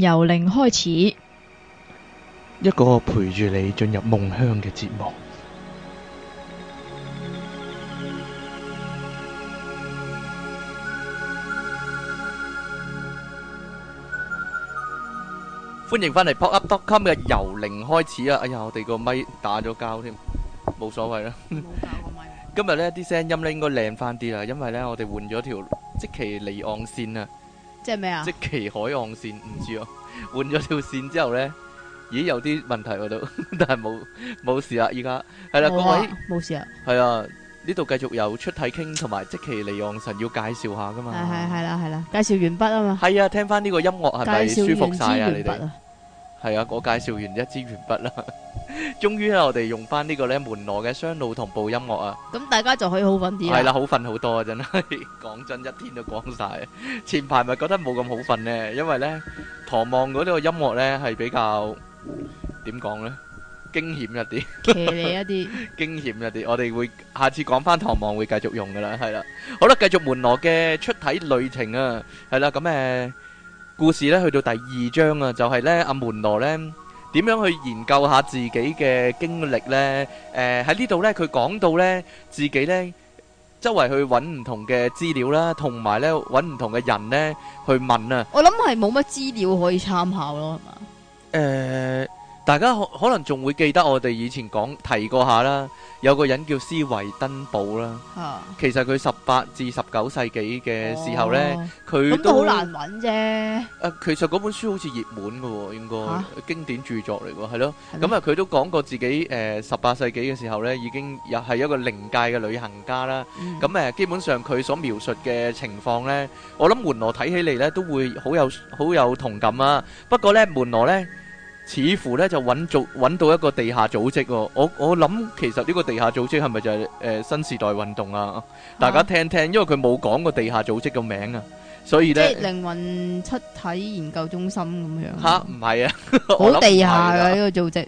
由零開始，一個陪住你進入夢鄉嘅節目。歡迎返嚟 pop up dot com 嘅由零開始啊！哎呀，我哋個麥打咗交添，冇所謂啦。今日呢啲聲音呢，應該靚翻啲啦，因為呢我哋換咗條即期離岸線啊。即係咩啊？即奇海岸線唔知啊。換咗條線之後咧，咦有啲問題我、啊、都，但係冇冇事啊，依家係啦，各位冇事啊，係啊，呢度繼續有出體傾同埋即奇離岸神要介紹下噶嘛，係係係啦係啦，介紹完畢啊嘛，係啊，聽翻呢個音樂係咪舒服晒啊你哋？係啊，我介紹完一支鉛筆啦，終於咧我哋用翻呢個咧門羅嘅雙路同步音樂啊，咁大家就可以好瞓啲啦。係啦，好瞓好多啊真係，講真，一天都講晒。前排咪覺得冇咁好瞓咧，因為咧唐望嗰啲個音樂咧係比較點講咧驚險一啲，騎呢一啲驚險一啲。我哋會下次講翻唐望會繼續用噶啦，係啦，好啦，繼續門羅嘅出體旅程啊，係啦，咁誒。故事咧去到第二章啊，就係、是、咧阿門羅咧點樣去研究下自己嘅經歷咧？誒、呃，喺呢度咧佢講到咧自己咧周圍去揾唔同嘅資料啦，呢同埋咧揾唔同嘅人咧去問啊。我諗係冇乜資料可以參考咯，係嘛、呃？誒。大家可可能仲會記得我哋以前講提過下啦，有個人叫斯維登堡啦。啊、其實佢十八至十九世紀嘅時候呢，佢、哦、都好難揾啫。其實嗰本書好似熱門㗎喎，應該、啊、經典著作嚟嘅喎，係咯。咁啊嗎，佢都講過自己誒十八世紀嘅時候呢，已經又係一個靈界嘅旅行家啦。咁誒、嗯，基本上佢所描述嘅情況呢，我諗門羅睇起嚟呢都會好有好有同感啊。不過呢，門羅呢。似乎咧就揾咗揾到一個地下組織，哦，我我諗其實呢個地下組織係咪就係、是、誒、呃、新時代運動啊？大家聽聽，因為佢冇講過地下組織個名啊。所以咧，即係靈魂出體研究中心咁樣。吓，唔係啊，好地下嘅呢個組織。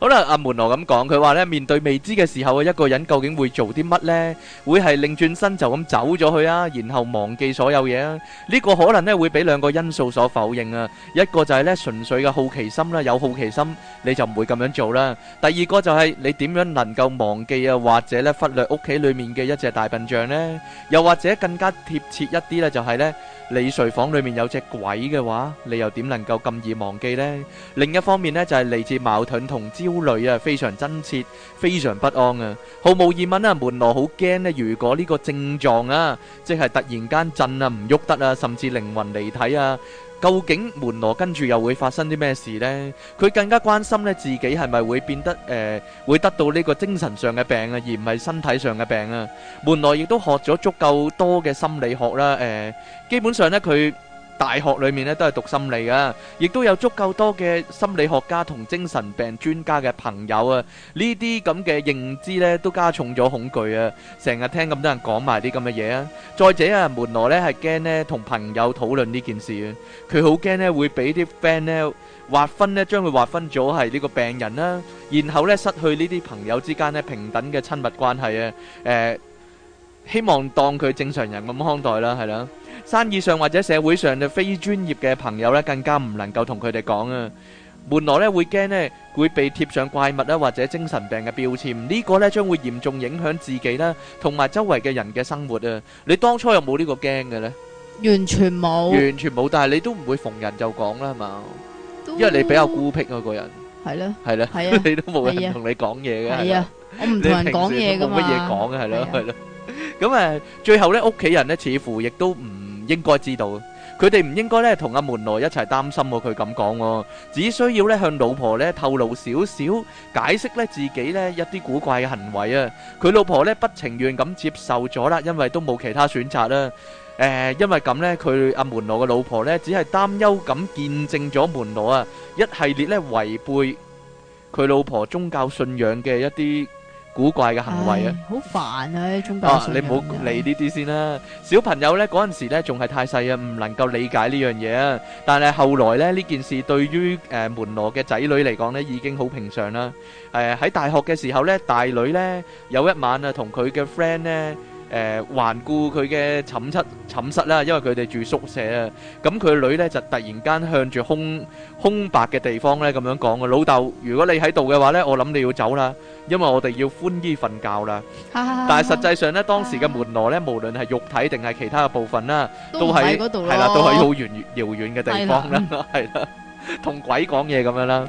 好啦，阿門羅咁講，佢話咧面對未知嘅時候，啊一個人究竟會做啲乜咧？會係擰轉身就咁走咗去啊？然後忘記所有嘢啊？呢個可能咧會俾兩個因素所否認啊。一個就係咧純粹嘅好奇心啦，有好奇心你就唔會咁樣做啦。第二個就係你點樣能夠忘記啊？或者咧忽略屋企裏面嘅一隻大笨象咧？又或者更加貼切一啲咧，就係咧。你睡房裏面有隻鬼嘅話，你又點能夠咁易忘記呢？另一方面呢，就係嚟自矛盾同焦慮啊，非常真切，非常不安啊，毫無疑問啊，門羅好驚咧，如果呢個症狀啊，即係突然間震啊唔喐得啊，甚至靈魂離體啊。究竟門羅跟住又會發生啲咩事呢？佢更加關心咧自己係咪會變得誒、呃、會得到呢個精神上嘅病啊，而唔係身體上嘅病啊。門羅亦都學咗足夠多嘅心理學啦、呃，基本上咧佢，大學裏面咧都係讀心理嘅，亦都有足夠多嘅心理學家同精神病專家嘅朋友啊。呢啲咁嘅認知咧都加重咗恐懼啊。成日聽咁多人講埋啲咁嘅嘢啊。再者啊，門羅咧係驚咧同朋友討論呢件事啊，佢好驚咧會俾啲 friend 咧劃分咧將佢劃分咗係呢個病人啦，然後咧失去呢啲朋友之間咧平等嘅親密關係啊。誒，希望當佢正常人咁看待啦，係啦。生意上或者社會上的非專業的朋友呢，更加唔能夠同佢哋講啊，門羅呢會驚呢，會被貼上怪物啦或者精神病的標籤，呢個呢將會嚴重影響自己啦，同埋周圍的人的生活啊，你當初有冇呢個驚嘅呢？完全冇，完全冇，但係你都唔會逢人就講啦，係嘛？ 是啊,是吧? 都沒什麼說, 應該知道，佢哋唔應該咧同阿門羅一齊擔心喎。佢咁講，只需要咧向老婆咧透露少少，解釋咧自己咧一啲古怪嘅行為啊。佢老婆咧不情願咁接受咗啦，因為都冇其他選擇啦。誒，因為咁咧，佢阿門羅嘅老婆咧只係擔憂咁見證咗門羅啊一系列咧違背佢老婆宗教信仰嘅一啲。古怪嘅行為啊、哎！好煩啊！中教啊，啊你唔好理呢啲先啦。啊、小朋友呢嗰陣時咧仲係太細啊，唔能夠理解呢樣嘢啊。但係後來呢，呢件事對於誒、呃、門羅嘅仔女嚟講呢已經好平常啦。誒、呃、喺大學嘅時候呢，大女呢有一晚啊同佢嘅 friend 呢。誒，環顧佢嘅寢室、寢室啦，因為佢哋住宿舍啊。咁佢女咧就突然間向住空空白嘅地方咧咁樣講嘅，老豆，如果你喺度嘅話咧，我諗你要走啦，因為我哋要寬衣瞓覺啦。但係實際上咧，當時嘅門羅咧，無論係肉體定係其他嘅部分啦，都喺嗰度咯，係啦，都喺好遠遙遠嘅地方啦，係啦，同鬼講嘢咁樣啦。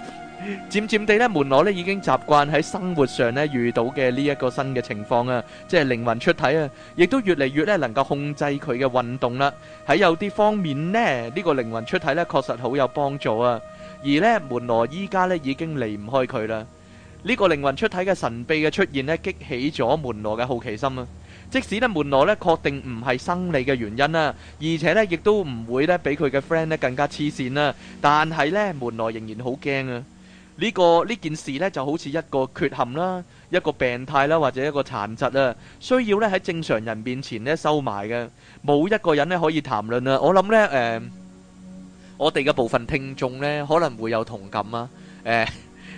漸漸地咧，門羅咧已經習慣喺生活上咧遇到嘅呢一個新嘅情況啊，即係靈魂出體啊，亦都越嚟越咧能夠控制佢嘅運動啦。喺有啲方面呢，呢個靈魂出體咧確實好有幫助啊。而呢門羅依家咧已經離唔開佢啦。呢個靈魂出體嘅神秘嘅出現咧，激起咗門羅嘅好奇心啊。即使呢門羅咧確定唔係生理嘅原因啊，而且呢亦都唔會咧畀佢嘅 friend 咧更加黐線啦，但係呢門羅仍然好驚啊。呢個呢件事呢就好似一個缺陷啦，一個病態啦，或者一個殘疾啊，需要呢喺正常人面前呢收埋嘅，冇一個人呢可以談論啊。我諗呢誒，我哋嘅部分聽眾呢可能會有同感啊。誒，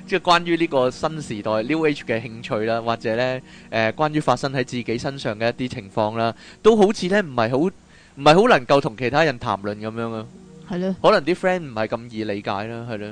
即係關於呢個新時代 New Age 嘅興趣啦，或者呢誒，關於發生喺自己身上嘅一啲情況啦，都好似呢唔係好唔係好能夠同其他人談論咁樣啊。係咯，可能啲 friend 唔係咁易理解啦，係咯。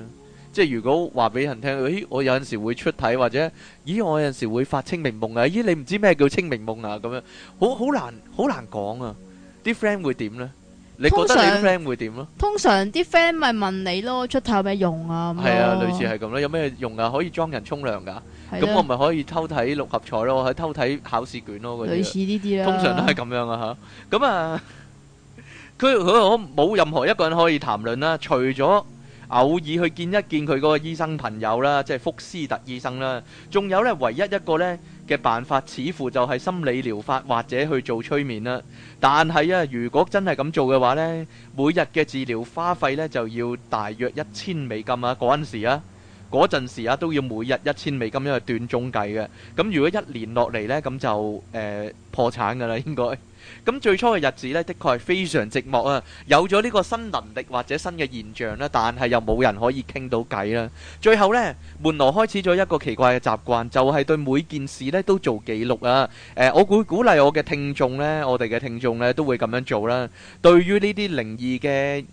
即係如果話俾人聽，咦！我有陣時會出體或者，咦！我有陣時會發清明夢啊！咦！你唔知咩叫清明夢啊？咁樣好好難好難講啊！啲 friend 會點呢？你覺得你 friend 會點咯？通常啲 friend 咪問你咯，出體有咩用啊？係啊，類似係咁咯，有咩用啊？可以裝人沖涼㗎，咁我咪可以偷睇六合彩咯，係偷睇考試卷咯，類似呢啲啦。通常都係咁樣啊！嚇，咁啊，佢佢我冇任何一個人可以談論啦，除咗。偶爾去見一見佢個醫生朋友啦，即係福斯特醫生啦。仲有呢唯一一個呢嘅辦法，似乎就係心理療法或者去做催眠啦。但係啊，如果真係咁做嘅話呢，每日嘅治療花費呢就要大約一千美金啊！嗰陣時啊，嗰陣時啊都要每日一千美金，因為斷中計嘅。咁如果一年落嚟呢，咁就誒、呃、破產㗎啦，應該。咁最初嘅日子呢，的確係非常寂寞啊！有咗呢個新能力或者新嘅現象啦、啊，但係又冇人可以傾到偈啦。最後呢，門羅開始咗一個奇怪嘅習慣，就係、是、對每件事呢都做記錄啊！誒、呃，我會鼓鼓勵我嘅聽眾呢，我哋嘅聽眾呢都會咁樣做、啊、於啦。對於呢啲靈異嘅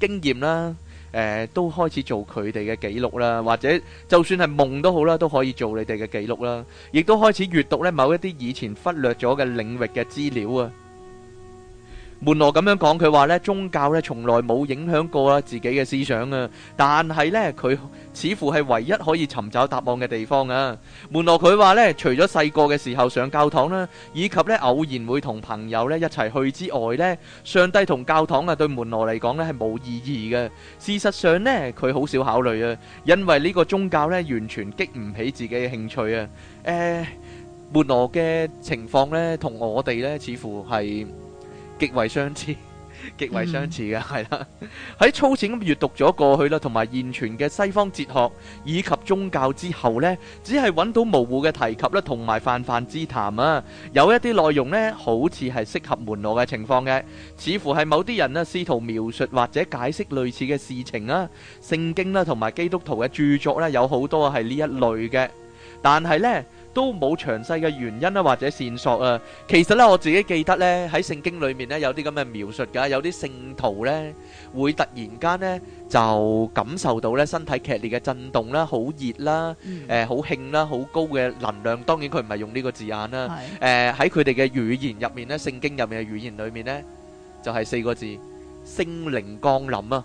經驗啦。誒都開始做佢哋嘅記錄啦，或者就算係夢都好啦，都可以做你哋嘅記錄啦，亦都開始閱讀咧某一啲以前忽略咗嘅領域嘅資料啊！門羅咁樣講，佢話咧宗教咧從來冇影響過啦自己嘅思想啊，但係咧佢似乎係唯一可以尋找答案嘅地方啊。門羅佢話咧，除咗細個嘅時候上教堂啦，以及咧偶然會同朋友咧一齊去之外咧，上帝同教堂啊對門羅嚟講咧係冇意義嘅。事實上咧，佢好少考慮啊，因為呢個宗教咧完全激唔起自己嘅興趣啊。誒，門羅嘅情況咧同我哋咧似乎係極為相似，極為相似嘅，係啦、嗯。喺 粗淺咁閱讀咗過去啦，同埋現存嘅西方哲學以及宗教之後呢，只係揾到模糊嘅提及咧，同埋泛泛之談啊。有一啲內容呢，好似係適合門羅嘅情況嘅，似乎係某啲人呢，試圖描述或者解釋類似嘅事情啊。聖經啦，同埋基督徒嘅著作呢，有好多係呢一類嘅，但係呢。都冇詳細嘅原因啦，或者線索啊。其實咧，我自己記得咧喺聖經裏面咧有啲咁嘅描述㗎，有啲聖徒咧會突然間咧就感受到咧身體劇烈嘅震動啦，好熱啦，誒好興啦，好高嘅能量。當然佢唔係用呢個字眼啦。誒喺佢哋嘅語言入面咧，聖經入面嘅語言裏面咧就係四個字：星靈降臨啊！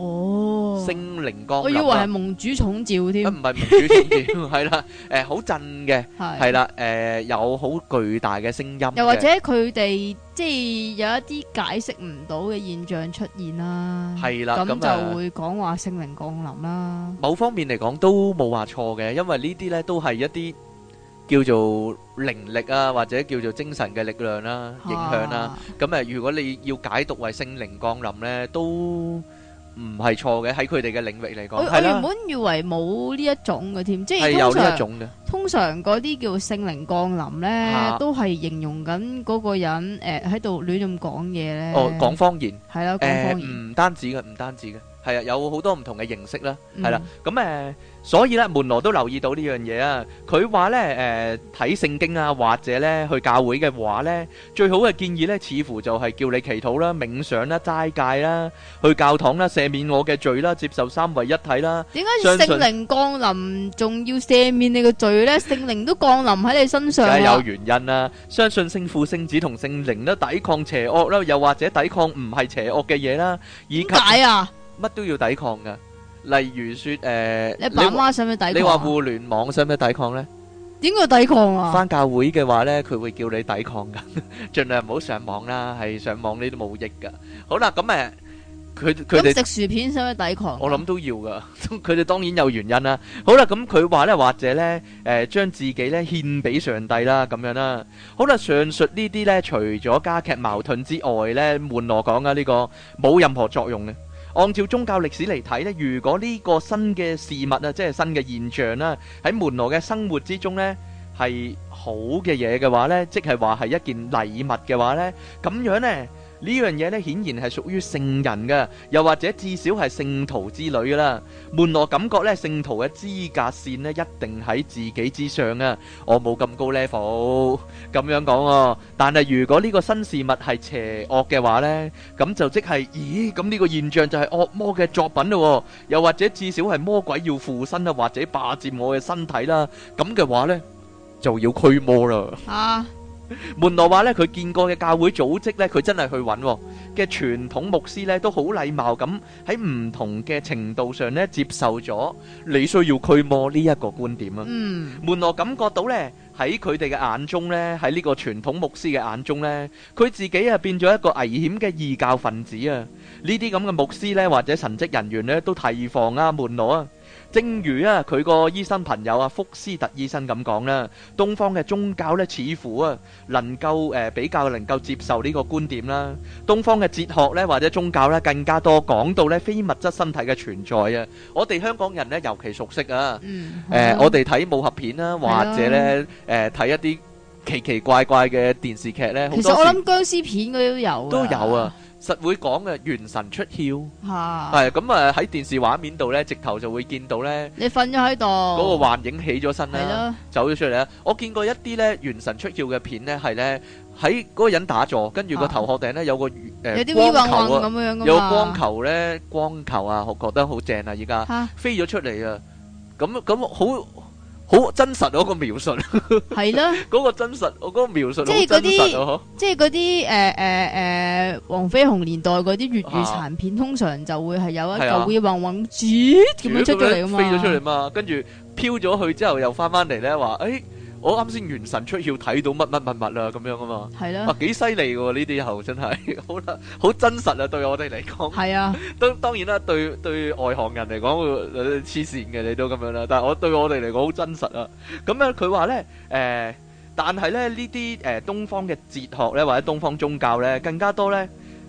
哦，聖靈降臨，我以為係蒙主寵召添，唔係蒙主寵召，係啦，誒，好震嘅，係啦，誒，有好巨大嘅聲音，又或者佢哋即係有一啲解釋唔到嘅現象出現啦，係啦，咁就會講話聖靈降臨啦。某方面嚟講都冇話錯嘅，因為呢啲咧都係一啲叫做靈力啊，或者叫做精神嘅力量啦，影響啦。咁誒，如果你要解讀為聖靈降臨咧，都。唔係錯嘅，喺佢哋嘅領域嚟講，我我原本以為冇呢一種嘅添，即係通常，有呢一種嘅，通常嗰啲叫聖靈降臨咧，都係形容緊嗰個人誒喺度亂咁講嘢咧。哦，講方言係啦，講方言，誒唔單止嘅，唔單止嘅，係啊，有好多唔同嘅形式啦，係啦，咁誒。所以咧，門羅都留意到呢樣嘢啊！佢話咧，誒、呃、睇聖經啊，或者咧去教會嘅話咧，最好嘅建議咧，似乎就係叫你祈禱啦、冥想啦、齋戒啦、去教堂啦、赦免我嘅罪啦、接受三位一體啦。點解什信聖靈降臨，仲要赦免你嘅罪咧？聖靈都降臨喺你身上啦。梗係有原因啦、啊，相信聖父、聖子同聖靈都抵抗邪惡啦，又或者抵抗唔係邪惡嘅嘢啦，以及乜都要抵抗噶。例如說誒，你爸媽使唔使抵抗？你話互聯網使唔使抵抗咧？點解要抵抗啊？返教會嘅話咧，佢會叫你抵抗噶盡量唔好上網啦，係上網呢啲冇益噶。好啦，咁誒，佢佢哋食薯片使唔使抵抗？我諗都要噶，佢哋當然有原因啦。好啦，咁佢話咧或者咧誒，將自己咧獻俾上帝啦，咁樣啦。好啦，上述呢啲咧，除咗加劇矛盾之外咧，門羅講啊，呢個冇任何作用嘅。按照宗教歷史嚟睇呢，如果呢個新嘅事物啊，即係新嘅現象啦，喺門羅嘅生活之中呢，係好嘅嘢嘅話呢，即係話係一件禮物嘅話呢，咁樣呢。呢樣嘢呢，顯然係屬於聖人嘅，又或者至少係聖徒之女聖徒之類啦。門羅感覺呢，聖徒嘅資格線呢，一定喺自己之上啊。我冇咁高 level，咁樣講哦。但係如果呢個新事物係邪惡嘅話呢，咁就即係，咦？咁呢個現象就係惡魔嘅作品咯哦。又或者至少係魔鬼要附身啊，或者霸占我嘅身體啦。咁嘅話呢，就要驅魔啦。啊！門羅話咧，佢見過嘅教會組織咧，佢真係去揾嘅傳統牧師咧，都好禮貌咁喺唔同嘅程度上咧接受咗你需要驅魔呢一個觀點啊。嗯，門羅感覺到咧，喺佢哋嘅眼中咧，喺呢個傳統牧師嘅眼中咧，佢自己啊變咗一個危險嘅異教分子啊。呢啲咁嘅牧師咧，或者神職人員咧，都提防啊門羅啊。正如啊，佢個醫生朋友啊，福斯特醫生咁講啦，東方嘅宗教咧，似乎啊能夠誒比較能夠接受呢個觀點啦。東方嘅哲學咧，或者宗教咧，更加多講到咧非物質身體嘅存在啊。我哋香港人咧，尤其熟悉啊。誒，我哋睇武俠片啦，或者咧誒睇一啲奇奇怪怪嘅電視劇咧，其實我諗殭屍片嗰啲都有，都有啊，實會講嘅元神出竅，係咁啊，喺電視畫面度咧，直頭就會見到咧。你瞓咗喺度，嗰個幻影起咗身啦，走咗出嚟。啦我見過一啲咧元神出竅嘅片咧，係咧，喺嗰個人打坐，跟住個頭殼頂咧有個誒光球啊，有光球咧，光球啊，我覺得好正啊！而家飛咗出嚟啊，咁咁好。好真實嗰、那個描述係啦，嗰 個真實，我、那、嗰個描述即係嗰啲，即係嗰啲誒誒誒，黃飛鴻年代嗰啲粵語殘片，啊、通常就會係有一嚿會嗡嗡住咁樣出咗嚟噶嘛，飛咗出嚟嘛，跟住飄咗去之後又翻翻嚟咧話誒。我啱先元神出竅睇到乜乜乜物啊咁樣啊嘛，係啦的、啊，幾犀利噶呢啲後真係，好啦，好真實啊，對我哋嚟講，係啊的，當當然啦，對對外行人嚟講，會黐線嘅你都咁樣啦，但係我對我哋嚟講好真實啊。咁樣佢話咧，誒、呃，但係咧呢啲誒、呃、東方嘅哲學咧或者東方宗教咧更加多咧。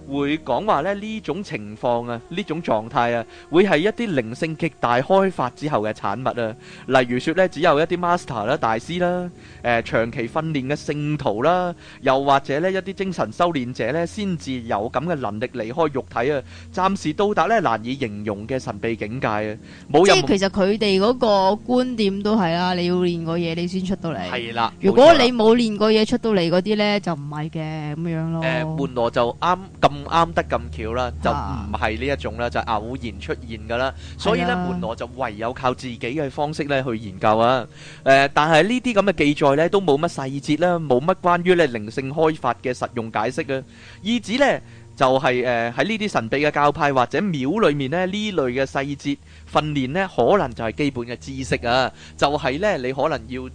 會講話咧呢種情況啊，呢種狀態啊，會係一啲靈性極大開發之後嘅產物啊。例如說咧，只有一啲 master 啦、大師啦，誒，長期訓練嘅聖徒啦，又或者咧一啲精神修煉者咧，先至有咁嘅能力離開肉體啊，暫時到達咧難以形容嘅神秘境界啊。冇即係其實佢哋嗰個觀點都係啦，你要練過嘢你先出到嚟。係啦，如果你冇練過嘢出到嚟嗰啲咧，就唔係嘅咁樣咯。誒，門羅就啱咁。咁啱得咁巧啦，就唔係呢一種啦，就偶然出現噶啦，所以呢、啊、門羅就唯有靠自己嘅方式咧去研究啊。誒、呃，但係呢啲咁嘅記載呢都冇乜細節啦，冇乜關於咧靈性開發嘅實用解釋啊。意指呢就係誒喺呢啲神秘嘅教派或者廟裏面呢，呢類嘅細節訓練呢可能就係基本嘅知識啊。就係、是、呢，你可能要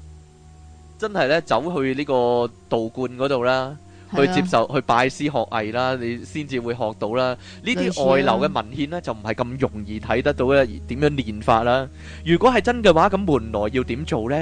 真係呢走去呢個道觀嗰度啦。去接受去拜師學藝啦，你先至會學到啦。呢啲外流嘅文獻呢，就唔係咁容易睇得到咧。而點樣練法啦？如果係真嘅話，咁門羅要點做呢？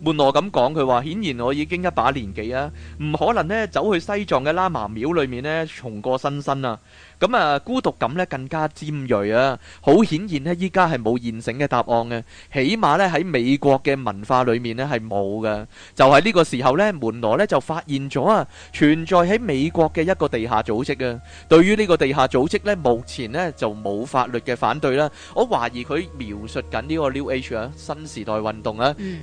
門羅咁講，佢話：顯然我已經一把年紀啊，唔可能呢走去西藏嘅喇嘛廟裏面呢，重過新生啊。咁啊，孤獨感咧更加尖鋭啊，好顯然咧，依家係冇現成嘅答案嘅，起碼咧喺美國嘅文化裏面咧係冇嘅。就係呢個時候咧，門羅咧就發現咗啊，存在喺美國嘅一個地下組織啊。對於呢個地下組織咧，目前咧就冇法律嘅反對啦。我懷疑佢描述緊呢個 New Age 啊，新時代運動啊。誒，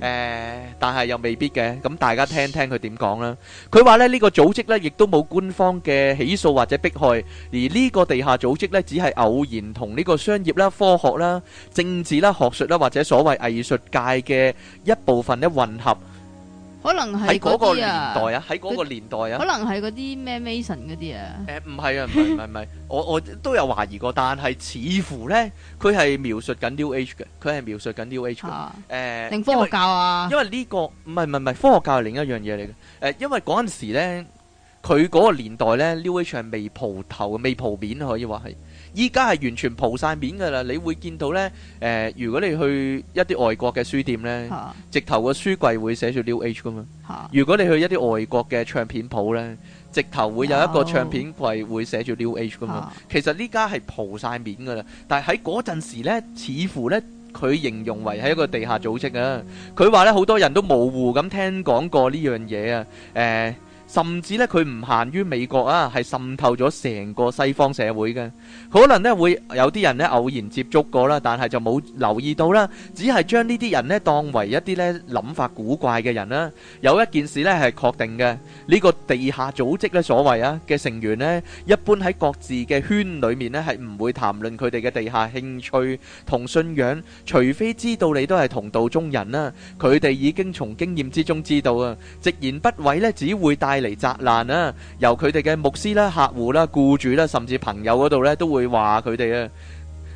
但係又未必嘅。咁大家聽聽佢點講啦。佢話咧呢個組織咧，亦都冇官方嘅起訴或者迫害，而呢個地下組織咧，只係偶然同呢個商業啦、科學啦、政治啦、學術啦，或者所謂藝術界嘅一部分咧混合，可能係嗰、啊、個年代啊，喺個年代啊，可能係嗰啲咩 Mason 嗰啲啊。誒、呃，唔係啊，唔係唔係，我我都有懷疑過，但係似乎咧，佢係描述緊 New Age 嘅，佢係描述緊 New Age 嘅。誒、啊，定、呃、科學教啊，因為呢、這個唔係唔係，唔係科學教係另一樣嘢嚟嘅。誒、呃，因為嗰陣時咧。佢嗰個年代呢 New Age 係未蒲頭、未蒲面可以話係，依家係完全蒲晒面噶啦。你會見到呢，誒、呃，如果你去一啲外國嘅書店呢， 直頭個書櫃會寫住 New Age 噶嘛。 如果你去一啲外國嘅唱片鋪呢，直頭會有一個唱片櫃會寫住 New Age 噶嘛。 其實呢家係蒲晒面噶啦，但係喺嗰陣時咧，似乎呢，佢形容為係一個地下組織啊。佢話呢，好多人都模糊咁聽講過呢樣嘢啊，誒、呃。甚至咧，佢唔限於美國啊，係滲透咗成個西方社會嘅。可能咧會有啲人咧偶然接觸過啦，但係就冇留意到啦，只係將呢啲人咧當為一啲咧諗法古怪嘅人啦。有一件事咧係確定嘅，呢個地下組織咧所謂啊嘅成員咧，一般喺各自嘅圈裡面咧係唔會談論佢哋嘅地下興趣同信仰，除非知道你都係同道中人啦。佢哋已經從經驗之中知道啊，直言不諱咧，只會帶嚟砸爛啦！由佢哋嘅牧師啦、客戶啦、僱主啦，甚至朋友嗰度咧，都會話佢哋啊。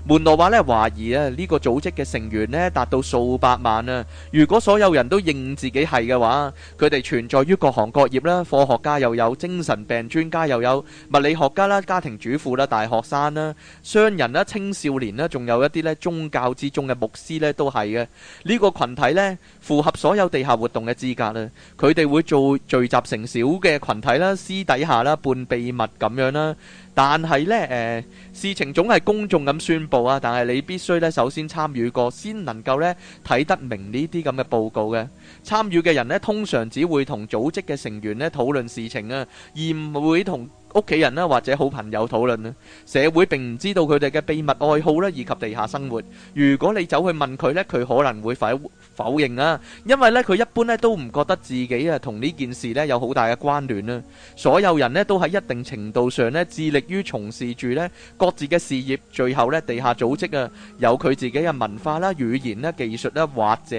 門羅話咧懷疑啊，呢個組織嘅成員呢達到數百萬啊！如果所有人都認自己係嘅話，佢哋存在於各行各業啦，科學家又有精神病專家，又有物理學家啦，家庭主婦啦，大學生啦，商人啦，青少年啦，仲有一啲咧宗教之中嘅牧師呢都係嘅。呢個群體呢，符合所有地下活動嘅資格啦，佢哋會做聚集成小嘅群體啦，私底下啦，半秘密咁樣啦。但係呢，誒、呃、事情總係公眾咁宣佈啊！但係你必須咧，首先參與過，先能夠咧睇得明呢啲咁嘅報告嘅。參與嘅人呢，通常只會同組織嘅成員咧討論事情啊，而唔會同屋企人咧，或者好朋友討論咧，社會並唔知道佢哋嘅秘密愛好咧，以及地下生活。如果你走去問佢咧，佢可能會否否認啊，因為咧佢一般咧都唔覺得自己啊同呢件事咧有好大嘅關聯啦。所有人咧都喺一定程度上咧致力於從事住咧各自嘅事業，最後咧地下組織啊有佢自己嘅文化啦、語言啦、技術啦，或者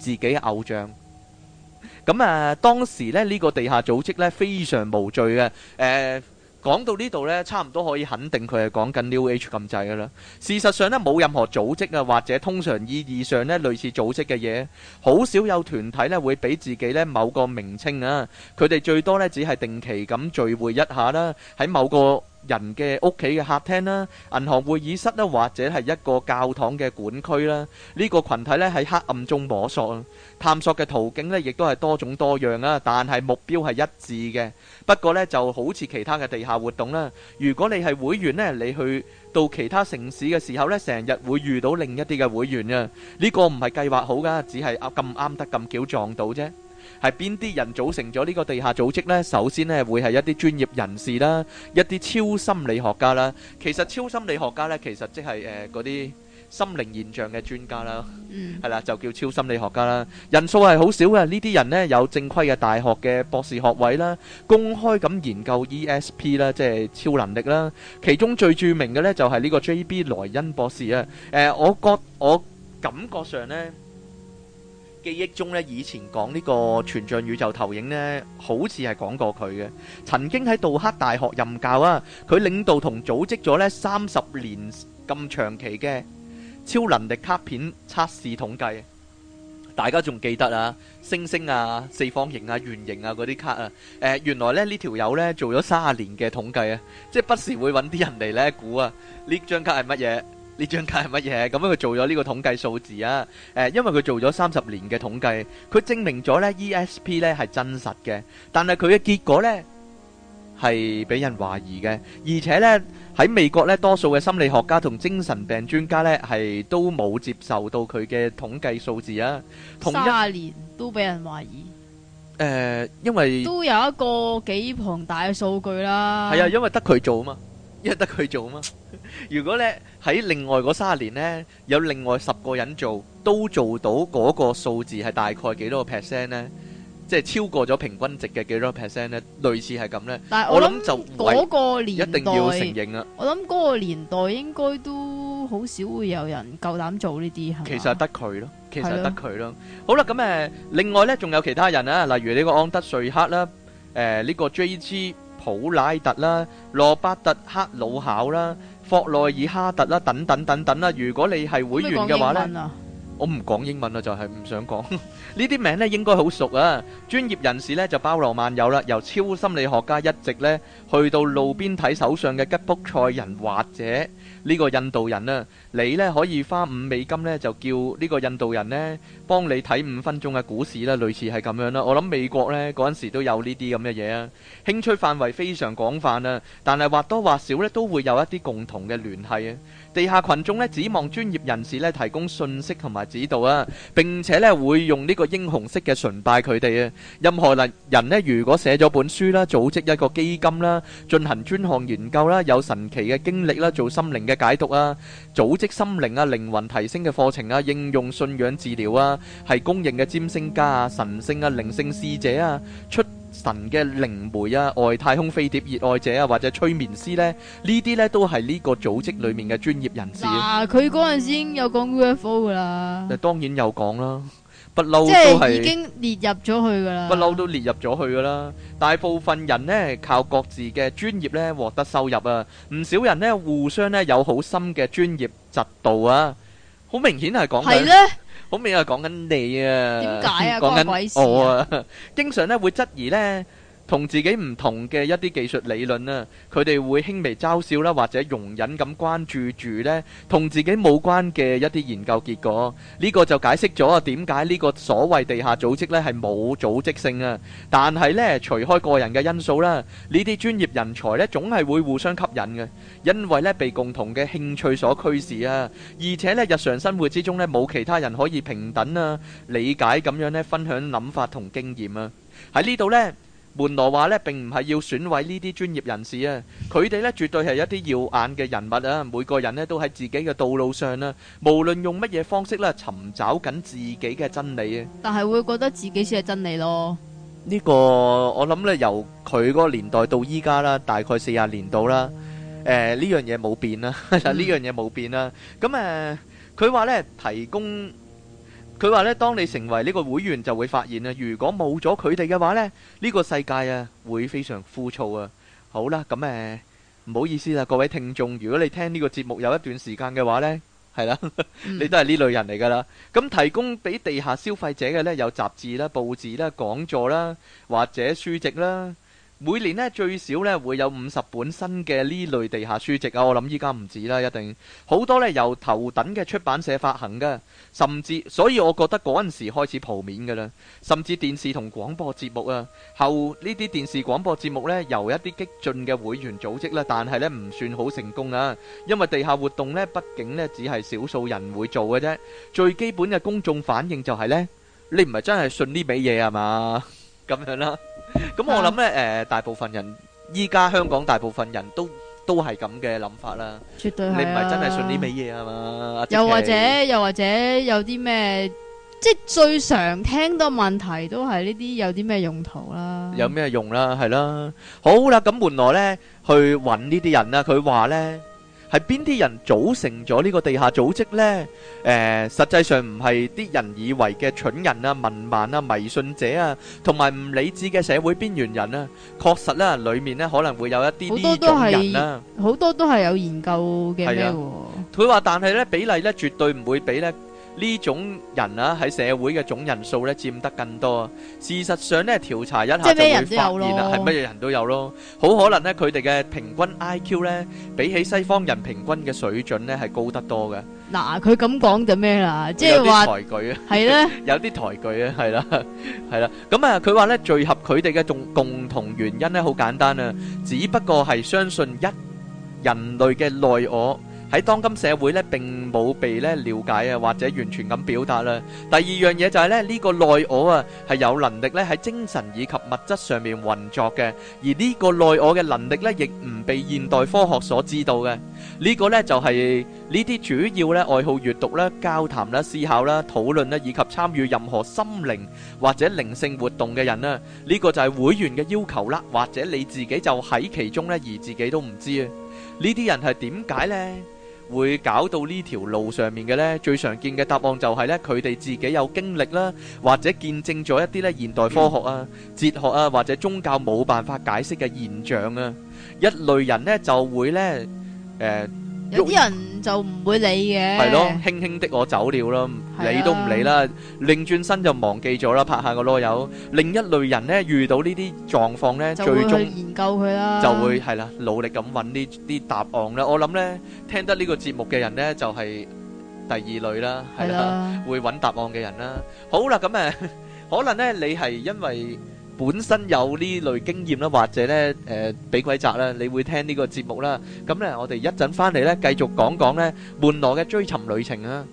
自己嘅偶像。咁、嗯、啊，當時咧呢、這個地下組織咧非常無罪嘅。誒、呃，講到呢度咧，差唔多可以肯定佢係講緊 New Age 咁滯嘅啦。事實上呢，冇任何組織啊，或者通常意義上呢類似組織嘅嘢，好少有團體咧會俾自己呢某個名稱啊。佢哋最多呢，只係定期咁聚會一下啦，喺某個。人嘅屋企嘅客廳啦，銀行會議室啦，或者係一個教堂嘅管區啦，呢個群體咧喺黑暗中摸索，探索嘅途徑咧亦都係多種多樣啊，但係目標係一致嘅。不過咧就好似其他嘅地下活動啦，如果你係會員咧，你去到其他城市嘅時候咧，成日會遇到另一啲嘅會員啊。呢個唔係計劃好噶，只係啊咁啱得咁巧撞到啫。係邊啲人組成咗呢個地下組織呢？首先呢，會係一啲專業人士啦，一啲超心理學家啦。其實超心理學家呢，其實即係誒嗰啲心靈現象嘅專家啦，係 啦就叫超心理學家啦。人數係好少嘅，呢啲人呢，有正規嘅大學嘅博士學位啦，公開咁研究 ESP 啦，即係超能力啦。其中最著名嘅呢，就係、是、呢個 J.B. 萊恩博士啊。誒、呃，我覺我感覺上呢。記憶中咧，以前講呢個全像宇宙投影呢，好似係講過佢嘅。曾經喺杜克大學任教啊，佢領導同組織咗呢三十年咁長期嘅超能力卡片測試統計。大家仲記得啊，星星啊、四方形啊、圓形啊嗰啲卡啊。誒、呃，原來咧，呢條友、這個、呢做咗三十年嘅統計啊，即係不時會揾啲人嚟呢估啊呢張卡係乜嘢。呢張卡係乜嘢？咁樣佢做咗呢個統計數字啊？誒，因為佢做咗三十年嘅統計，佢證明咗咧 ESP 咧係真實嘅，但係佢嘅結果咧係俾人懷疑嘅，而且咧喺美國咧多數嘅心理學家同精神病專家咧係都冇接受到佢嘅統計數字啊。三十年都俾人懷疑。誒，因為都有一個幾龐大嘅數據啦。係啊，因為得佢做啊嘛，因為得佢做啊嘛。如果咧喺另外嗰三十年咧，有另外十個人做都做到嗰個數字係大概幾多個 percent 咧？即係超過咗平均值嘅幾多個 percent 咧？類似係咁咧。但係我諗就嗰個年代一定要承認啦。我諗嗰個年代應該都好少會有人夠膽做呢啲係。其實係得佢咯，其實係得佢咯。好啦，咁誒，另外咧仲有其他人啦，例如呢個安德瑞克啦，誒呢個 J.G. 普拉特啦，羅伯特克魯考啦。霍內爾哈特啦，等等等等啦。如果你係會員嘅話呢，我唔講英文啦、啊，就係、是、唔想講呢啲名咧，應該好熟啊。專業人士咧就包羅萬有啦，由超心理學家一直咧去到路邊睇手相嘅吉卜賽人，或者。呢個印度人啦，你呢可以花五美金呢，就叫呢個印度人呢幫你睇五分鐘嘅股市啦，類似係咁樣啦。我諗美國呢嗰陣時都有呢啲咁嘅嘢啊，興趣範圍非常廣泛啊，但係或多或少呢，都會有一啲共同嘅聯繫啊。地下群眾咧指望專業人士咧提供信息同埋指導啊，並且咧會用呢個英雄式嘅崇拜佢哋啊。任何人人咧，如果寫咗本書啦、組織一個基金啦、進行專項研究啦、有神奇嘅經歷啦、做心靈嘅解讀啊、組織心靈啊、靈魂提升嘅課程啊、應用信仰治療啊，係公認嘅占星家啊、神聖啊、靈性使者啊出。神嘅靈媒啊，外太空飛碟熱愛者啊，或者催眠師咧，呢啲咧都係呢個組織裏面嘅專業人士。嗱，佢嗰陣時已經有講 UFO 噶啦，當然有講啦，不嬲都係已經列入咗去噶啦，不嬲都列入咗去噶啦。大部分人咧靠各自嘅專業咧獲得收入啊，唔少人咧互相咧有好深嘅專業習道啊，好明顯係講。好明顯係講緊你啊！點解啊？講緊我啊！經常咧會質疑咧，同自己唔同嘅一啲技術理論啦，佢哋會輕微嘲笑啦，或者容忍咁關注住呢，同自己冇關嘅一啲研究結果呢個就解釋咗啊，點解呢個所謂地下組織呢係冇組織性啊？但係呢，除開個人嘅因素啦，呢啲專業人才呢總係會互相吸引嘅，因為呢被共同嘅興趣所驅使啊，而且呢日常生活之中呢冇其他人可以平等啊理解咁樣呢分享諗法同經驗啊喺呢度呢。門羅話咧，並唔係要損毀呢啲專業人士，佢哋咧絕對係一啲耀眼嘅人物，每個人咧都喺自己嘅道路上啦，無論用乜嘢方式咧，尋找緊自己嘅真理啊，但係會覺得自己先係真理咯。呢個我諗咧，由佢個年代到依家啦，大概四十年度啦，呃，呢樣嘢冇變啦， 呢樣嘢冇變啦。咁呃，佢話咧提供佢話咧，當你成為呢個會員就會發現啦，如果冇咗佢哋嘅話咧，呢個世界啊會非常枯燥啊。好啦，咁誒唔好意思啦，各位聽眾，如果你聽呢個節目有一段時間嘅話呢，係啦， 你都係呢類人嚟㗎啦。咁、嗯嗯、提供俾地下消費者嘅呢，有雜誌啦、報紙啦、講座啦，或者書籍啦。每年咧最少咧會有五十本新嘅呢類地下書籍啊！我諗依家唔止啦，一定好多咧由頭等嘅出版社發行㗎，甚至所以我覺得嗰陣時開始浮面嘅啦，甚至電視同廣播節目啊，後呢啲電視廣播節目呢，由一啲激進嘅會員組織啦，但係呢唔算好成功啊，因為地下活動呢，畢竟呢只係少數人會做嘅啫，最基本嘅公眾反應就係呢：「你唔係真係信呢味嘢啊嘛？咁樣啦。咁，嗯嗯，我諗咧，誒，呃，大部分人依家香港大部分人都都係咁嘅諗法啦。絕對係啊！你唔係真係信啲咩嘢啊嘛？又或者又或者有啲咩，即係最常聽到問題都係呢啲有啲咩用途啦？嗯，有咩用啦？係啦。好啦，咁門羅咧去搵呢啲人啦。佢話咧。係邊啲人組成咗呢個地下組織呢？誒、呃，實際上唔係啲人以為嘅蠢人啊、文盲啊、迷信者啊，同埋唔理智嘅社會邊緣人啊，確實咧，裏面咧可能會有一啲呢種人啦、啊。好多都係有研究嘅咩？佢話但係咧比例，咧絕對唔會比咧。呢種人啊喺社會嘅總人數咧佔得更多。事實上咧調查一下就會發現啦，係乜嘢人都有咯。好可能咧佢哋嘅平均 IQ 咧，比起西方人平均嘅水準咧係高得多嘅。嗱，佢咁講就咩啦？即係話抬舉啊，係啦，有啲抬舉啊，係啦，係啦。咁啊，佢話咧聚合佢哋嘅共共同原因咧，好簡單啊，只不過係相信一人類嘅內我。喺當今社會咧，並冇被咧瞭解啊，或者完全咁表達啦。第二樣嘢就係咧，呢個內我啊，係有能力咧喺精神以及物質上面運作嘅，而呢個內我嘅能力咧，亦唔被現代科學所知道嘅。呢個咧就係呢啲主要咧愛好閱讀啦、交談啦、思考啦、討論啦以及參與任何心靈或者靈性活動嘅人啦。呢個就係會員嘅要求啦，或者你自己就喺其中咧，而自己都唔知啊。呢啲人係點解呢？會搞到呢條路上面嘅，呢最常見嘅答案就係呢，佢哋自己有經歷啦，或者見證咗一啲呢現代科學啊、哲學啊或者宗教冇辦法解釋嘅現象啊，一類人呢就會呢。誒、呃。有啲人就唔會理嘅，係咯，輕輕的我走了咯，理都唔理啦，擰轉身就忘記咗啦，拍下個囉柚。另一類人呢遇到呢啲狀況呢，最終研究佢啦，就會係啦，努力咁搵呢啲答案啦。我諗呢，聽得呢個節目嘅人呢就係第二類啦，係啦，會搵答案嘅人啦。好啦，咁誒，可能呢你係因為。本身有呢類經驗啦，或者咧誒俾鬼責啦，你會聽這個節呢個節目啦。咁咧，我哋一陣翻嚟咧，繼續講講咧，門羅嘅追尋旅程啊！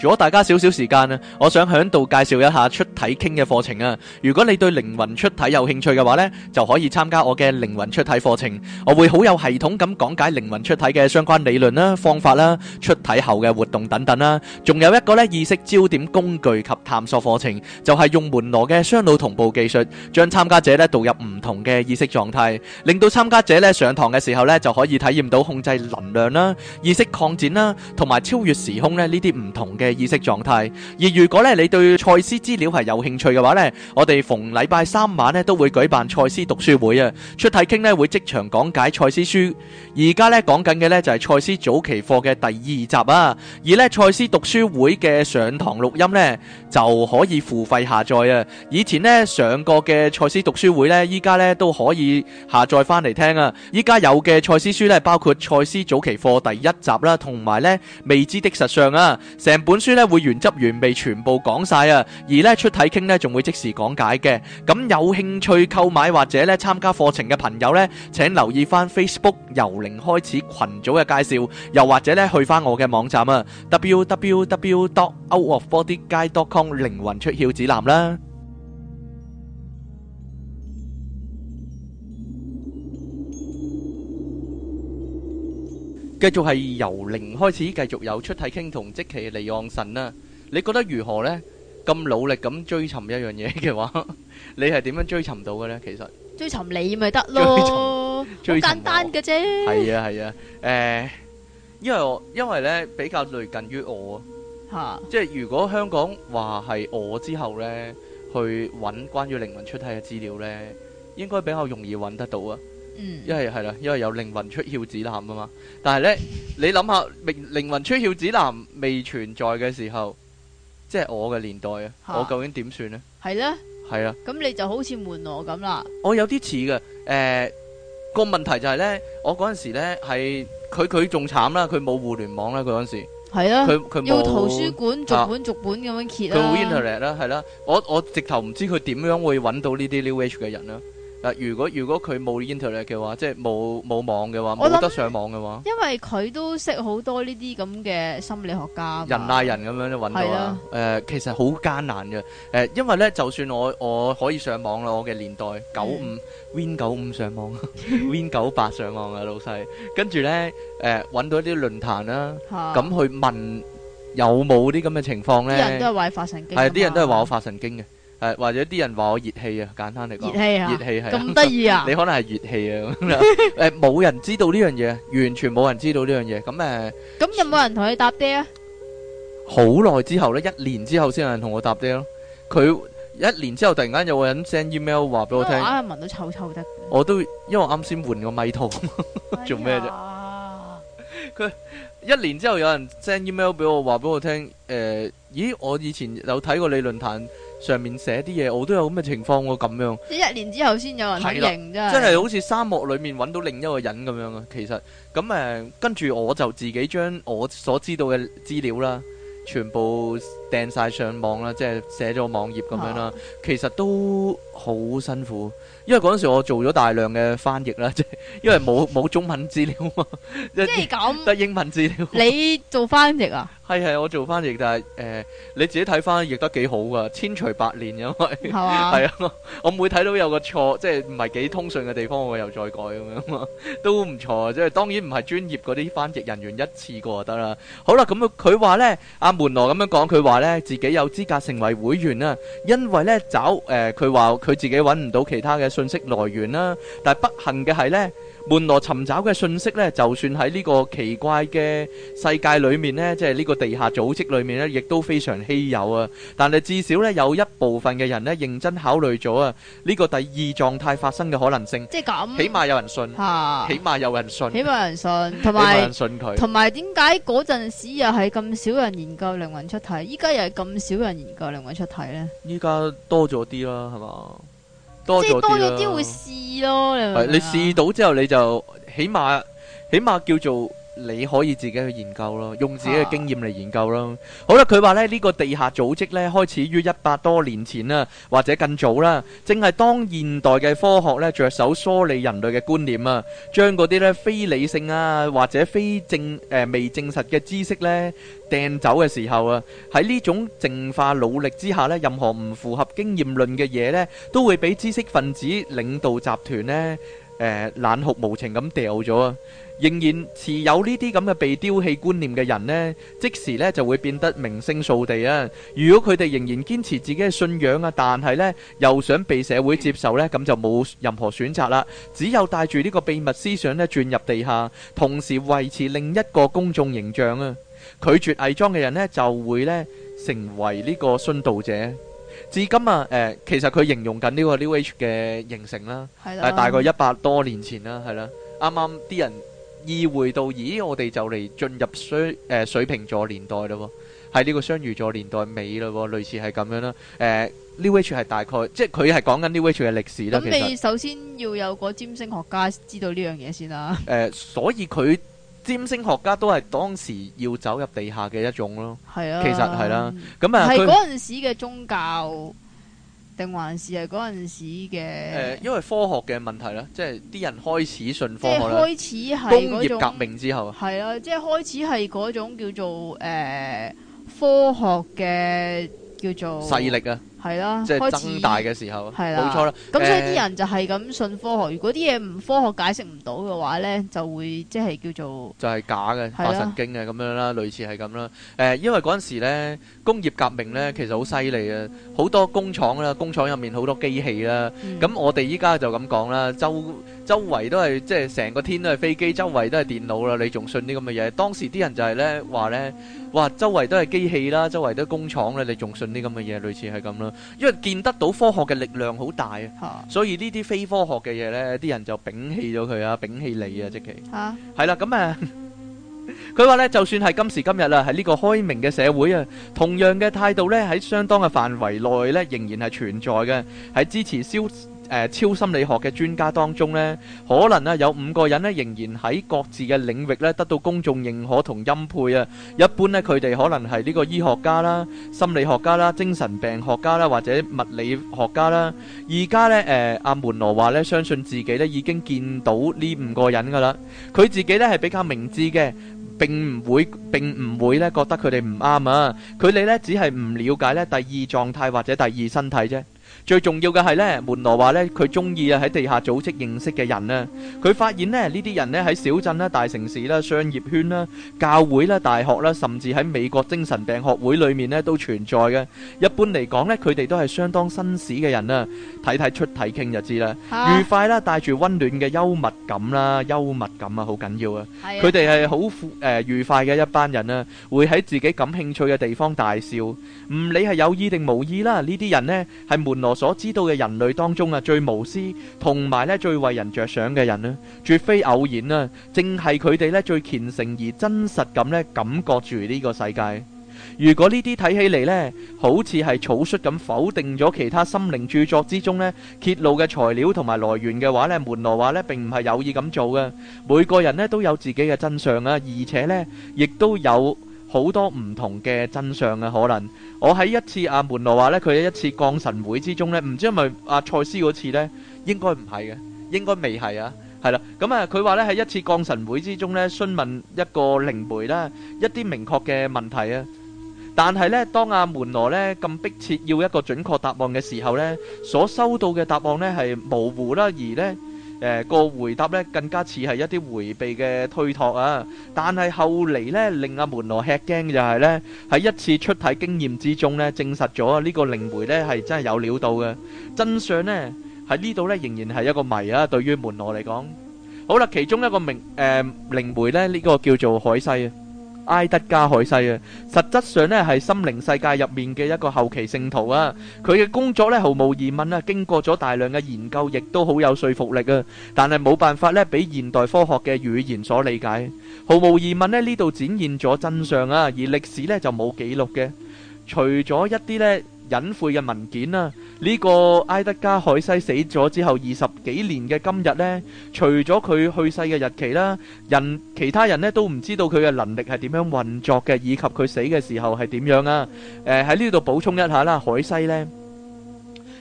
如果大家少少時間啊，我想響度介紹一下出體傾嘅課程啊！如果你對靈魂出體有興趣嘅話咧，就可以參加我嘅靈魂出體課程。我會好有系統咁講解靈魂出體嘅相關理論啦、方法啦、出體後嘅活動等等啦。仲有一個咧意識焦點工具及探索課程，就係用門羅嘅雙腦同步技術，將參加者咧導入唔同嘅意識狀態，令到參加者咧上堂嘅時候咧就可以體驗到控制能量啦、意識擴展啦，同埋超越時空咧呢啲唔同嘅嘅意識狀態，而如果咧你對賽斯資料係有興趣嘅話呢，我哋逢禮拜三晚呢都會舉辦賽斯讀書會啊！出體傾呢會即場講解賽斯書。而家呢講緊嘅呢就係賽斯早期課嘅第二集啊！而呢賽斯讀書會嘅上堂錄音呢就可以付費下載啊！以前呢上過嘅賽斯讀書會呢，依家呢都可以下載翻嚟聽啊！依家有嘅賽斯書呢包括賽斯早期課第一集啦，同埋呢未知的實相啊，成本。書咧會原汁原味全部講晒啊，而咧出體傾咧仲會即時講解嘅。咁有興趣購買或者咧參加課程嘅朋友咧，請留意翻 Facebook 由零開始群組嘅介紹，又或者咧去翻我嘅網站啊 www.outofbodyguide.com 靈魂出竅指南啦。繼續係由零開始，繼續有出體傾同即其利用神啦。你覺得如何咧？咁努力咁追尋一樣嘢嘅話，你係點樣追尋到嘅咧？其實追尋你咪得咯，最簡單嘅啫。係啊係啊，誒，因為我因為咧比較類近於我啊，即係如果香港話係我之後咧去揾關於靈魂出體嘅資料咧，應該比較容易揾得到啊。因為係啦，嗯、因為有靈魂出竅指南啊嘛。但係呢，你諗下，靈魂出竅指南未存在嘅時候，即係我嘅年代啊，啊我究竟點算咧？係咧呢。係啊。咁你就好似門羅咁啦。我有啲似噶，誒、呃，個問題就係呢，我嗰陣時咧係，佢佢仲慘啦，佢冇互聯網咧，佢嗰陣時係啦，佢佢冇。要圖書館逐本、啊、逐本咁樣揭啊。佢冇 internet 啦，係啦、啊，我我，我直頭唔知佢點樣會揾到呢啲 new age 嘅人啦。嗱，如果如果佢冇 Internet 嘅話，即係冇冇網嘅話，冇得上網嘅話，因為佢都識好多呢啲咁嘅心理學家，人拉人咁樣就揾到啦。誒，其實好艱難嘅。誒，因為咧，就算我我可以上網啦，我嘅年代九五 Win 九五上網，Win 九八上網啊，老細。跟住咧，誒揾到一啲論壇啦，咁去問有冇啲咁嘅情況咧？啲人都係話我發神經，係啲人都係話我發神經嘅。係或者啲人話我熱氣啊，簡單嚟講熱氣啊，熱氣係咁得意啊。你可能係熱氣啊。誒，冇人知道呢樣嘢，完全冇人知道呢樣嘢。咁誒，咁有冇人同你搭爹啊？好耐之後咧，一年之後先有人同我搭爹咯。佢一年之後突然間有個人 send email 話俾我聽，我係聞到臭臭得。我都因為啱先換個咪套，做咩啫？佢一年之後有人 send email 俾我話俾我聽，誒，咦？我以前有睇過你論壇。上面寫啲嘢，我都有咁嘅情況喎，咁樣一年之後先有人認啫，真係好似沙漠裏面揾到另一個人咁樣啊！其實咁誒，跟住我就自己將我所知道嘅資料啦，全部掟晒上網啦，即係寫咗個網頁咁樣啦，啊、其實都好辛苦。因為嗰陣時我做咗大量嘅翻譯啦，即係因為冇冇 中文資料嘛，即係咁得英文資料。你做翻譯啊？係啊，我做翻譯，但係誒、呃，你自己睇翻譯得幾好㗎，千錘百煉，因為係啊，係啊嗎，我每睇到有個錯，即係唔係幾通順嘅地方，我又再改咁樣，都唔錯。即係當然唔係專業嗰啲翻譯人員一次過就得啦。好啦，咁佢話咧阿門羅咁樣講，佢話咧自己有資格成為會員啊，因為咧找誒，佢話佢自己搵唔到其他嘅。信息來源啦，但係不幸嘅係咧，門羅尋找嘅信息咧，就算喺呢個奇怪嘅世界裏面咧，即係呢個地下組織裏面咧，亦都非常稀有啊。但係至少咧，有一部分嘅人咧認真考慮咗啊，呢個第二狀態發生嘅可能性，即係咁，起碼有人信，起碼有人信，起碼有人信，起碼有人信佢，同埋點解嗰陣時又係咁少人研究靈魂出體，依家又係咁少人研究靈魂出體咧？依家多咗啲啦，係嘛？即係多咗啲會試咯，你試到之後你就起碼起碼叫做。你可以自己去研究咯，用自己嘅經驗嚟研究咯。好啦，佢話咧呢個地下組織咧開始於一百多年前啦，或者更早啦。正係當現代嘅科學咧着手梳理人類嘅觀念啊，將嗰啲咧非理性啊或者非正誒未證實嘅知識咧掟走嘅時候啊，喺呢種淨化努力之下咧，任何唔符合經驗論嘅嘢咧，都會俾知識分子領導集團咧。誒、呃，冷酷無情咁掉咗啊！仍然持有呢啲咁嘅被丟棄觀念嘅人呢，即時呢就會變得名聲掃地啊！如果佢哋仍然堅持自己嘅信仰啊，但係呢又想被社會接受呢，咁就冇任何選擇啦，只有帶住呢個秘密思想呢轉入地下，同時維持另一個公眾形象啊！拒絕偽裝嘅人呢，就會呢成為呢個殉道者。至今啊，誒、呃，其實佢形容緊呢個 New Age 嘅形成啦，係啦、呃、大概一百多年前啦，係啦，啱啱啲人意會到，咦，我哋就嚟進入水誒、呃、水瓶座年代嘞喎，喺呢個雙魚座年代尾嘞喎，類似係咁樣啦，誒、呃 mm hmm.，New Age 係大概，即係佢係講緊 New Age 嘅歷史啦。咁你首先要有個占星學家知道呢樣嘢先啦。誒、呃，所以佢。占星學家都係當時要走入地下嘅一種咯，係啊，其實係啦，咁啊係嗰陣時嘅宗教，定還是係嗰陣時嘅？誒、呃，因為科學嘅問題啦，即係啲人開始信科學啦，開始係工業革命之後，係啦、啊，即係開始係嗰種叫做誒、呃、科學嘅叫做勢力啊。係啦，即係增大嘅時候，係啦，冇錯啦。咁、嗯、所以啲人就係咁信科學。如果啲嘢唔科學解釋唔到嘅話咧，就會即係叫做就係假嘅，發啦神經嘅咁樣啦，類似係咁啦。誒，因為嗰陣時咧工業革命咧其實好犀利啊，好多工廠啦，工廠入面好多機器啦。咁、嗯、我哋依家就咁講啦，周周圍都係即係成個天都係飛機，周圍都係電腦啦，你仲信啲咁嘅嘢？當時啲人就係咧話咧，哇，周圍都係機器啦，周圍都係工廠咧，你仲信啲咁嘅嘢？類似係咁啦。因為見得到科學嘅力量好大啊，所以呢啲非科學嘅嘢咧，啲人就摒棄咗佢啊，摒棄你啊，即其係啦，咁啊，佢話咧，就算係今時今日啦，喺呢個開明嘅社會啊，同樣嘅態度咧，喺相當嘅範圍內咧，仍然係存在嘅，喺支持消。誒，超心理學嘅專家當中咧，可能咧有五個人咧仍然喺各自嘅領域咧得到公眾認可同欽佩啊。一般咧佢哋可能係呢個醫學家啦、心理學家啦、精神病學家啦或者物理學家啦。而家咧誒，阿門羅話咧相信自己咧已經見到呢五個人㗎喇。佢自己咧係比較明智嘅，並唔會並唔會咧覺得佢哋唔啱啊。佢哋咧只係唔了解咧第二狀態或者第二身體啫。最重要嘅係咧，門羅話咧，佢中意啊喺地下組織認識嘅人咧，佢發現咧呢啲人呢，喺小鎮啦、大城市啦、商業圈啦、教會啦、大學啦，甚至喺美國精神病學會裏面咧都存在嘅。一般嚟講呢，佢哋都係相當紳士嘅人啊。睇睇出體傾就知啦，愉快啦，帶住溫暖嘅幽默感啦，幽默感啊，好緊要啊。佢哋係好誒愉快嘅一班人啊，會喺自己感興趣嘅地方大笑，唔理係有意定無意啦。呢啲人咧係門羅所知道嘅人類當中啊，最無私同埋咧最為人著想嘅人咧，絕非偶然啊，正係佢哋咧最虔誠而真實咁咧感覺住呢個世界。如果呢啲睇起嚟呢，好似係草率咁否定咗其他心靈著作之中呢揭露嘅材料同埋來源嘅話呢門羅話呢並唔係有意咁做嘅。每個人呢都有自己嘅真相啊，而且呢亦都有好多唔同嘅真相嘅、啊、可能。我喺一次阿、啊、門羅話呢，佢喺一次降神會之中呢，唔知係咪阿賽斯嗰次呢？應該唔係嘅，應該未係啊。係啦，咁、嗯、啊，佢話、嗯嗯、呢喺一次降神會之中呢，詢問一個靈媒啦一啲明確嘅問題啊。但係咧，當阿門羅咧咁迫切要一個準確答案嘅時候咧，所收到嘅答案咧係模糊啦，而咧誒個回答咧更加似係一啲回避嘅推託啊。但係後嚟咧令阿門羅吃驚嘅就係咧，喺一次出體經驗之中咧證實咗呢個靈媒咧係真係有料到嘅。真相咧喺呢度咧仍然係一個謎啊。對於門羅嚟講，好啦，其中一個名誒靈媒咧呢個叫做海西啊。埃德加海西啊，實質上呢係心靈世界入面嘅一個後期聖徒啊，佢嘅工作呢，毫無疑問啊，經過咗大量嘅研究，亦都好有說服力啊，但係冇辦法呢，俾現代科學嘅語言所理解。毫無疑問呢，呢度展現咗真相啊，而歷史呢，就冇記錄嘅，除咗一啲呢。隱晦嘅文件啦，呢個埃德加海西死咗之後二十幾年嘅今日呢，除咗佢去世嘅日期啦，人其他人呢都唔知道佢嘅能力係點樣運作嘅，以及佢死嘅時候係點樣啊？誒，喺呢度補充一下啦，海西呢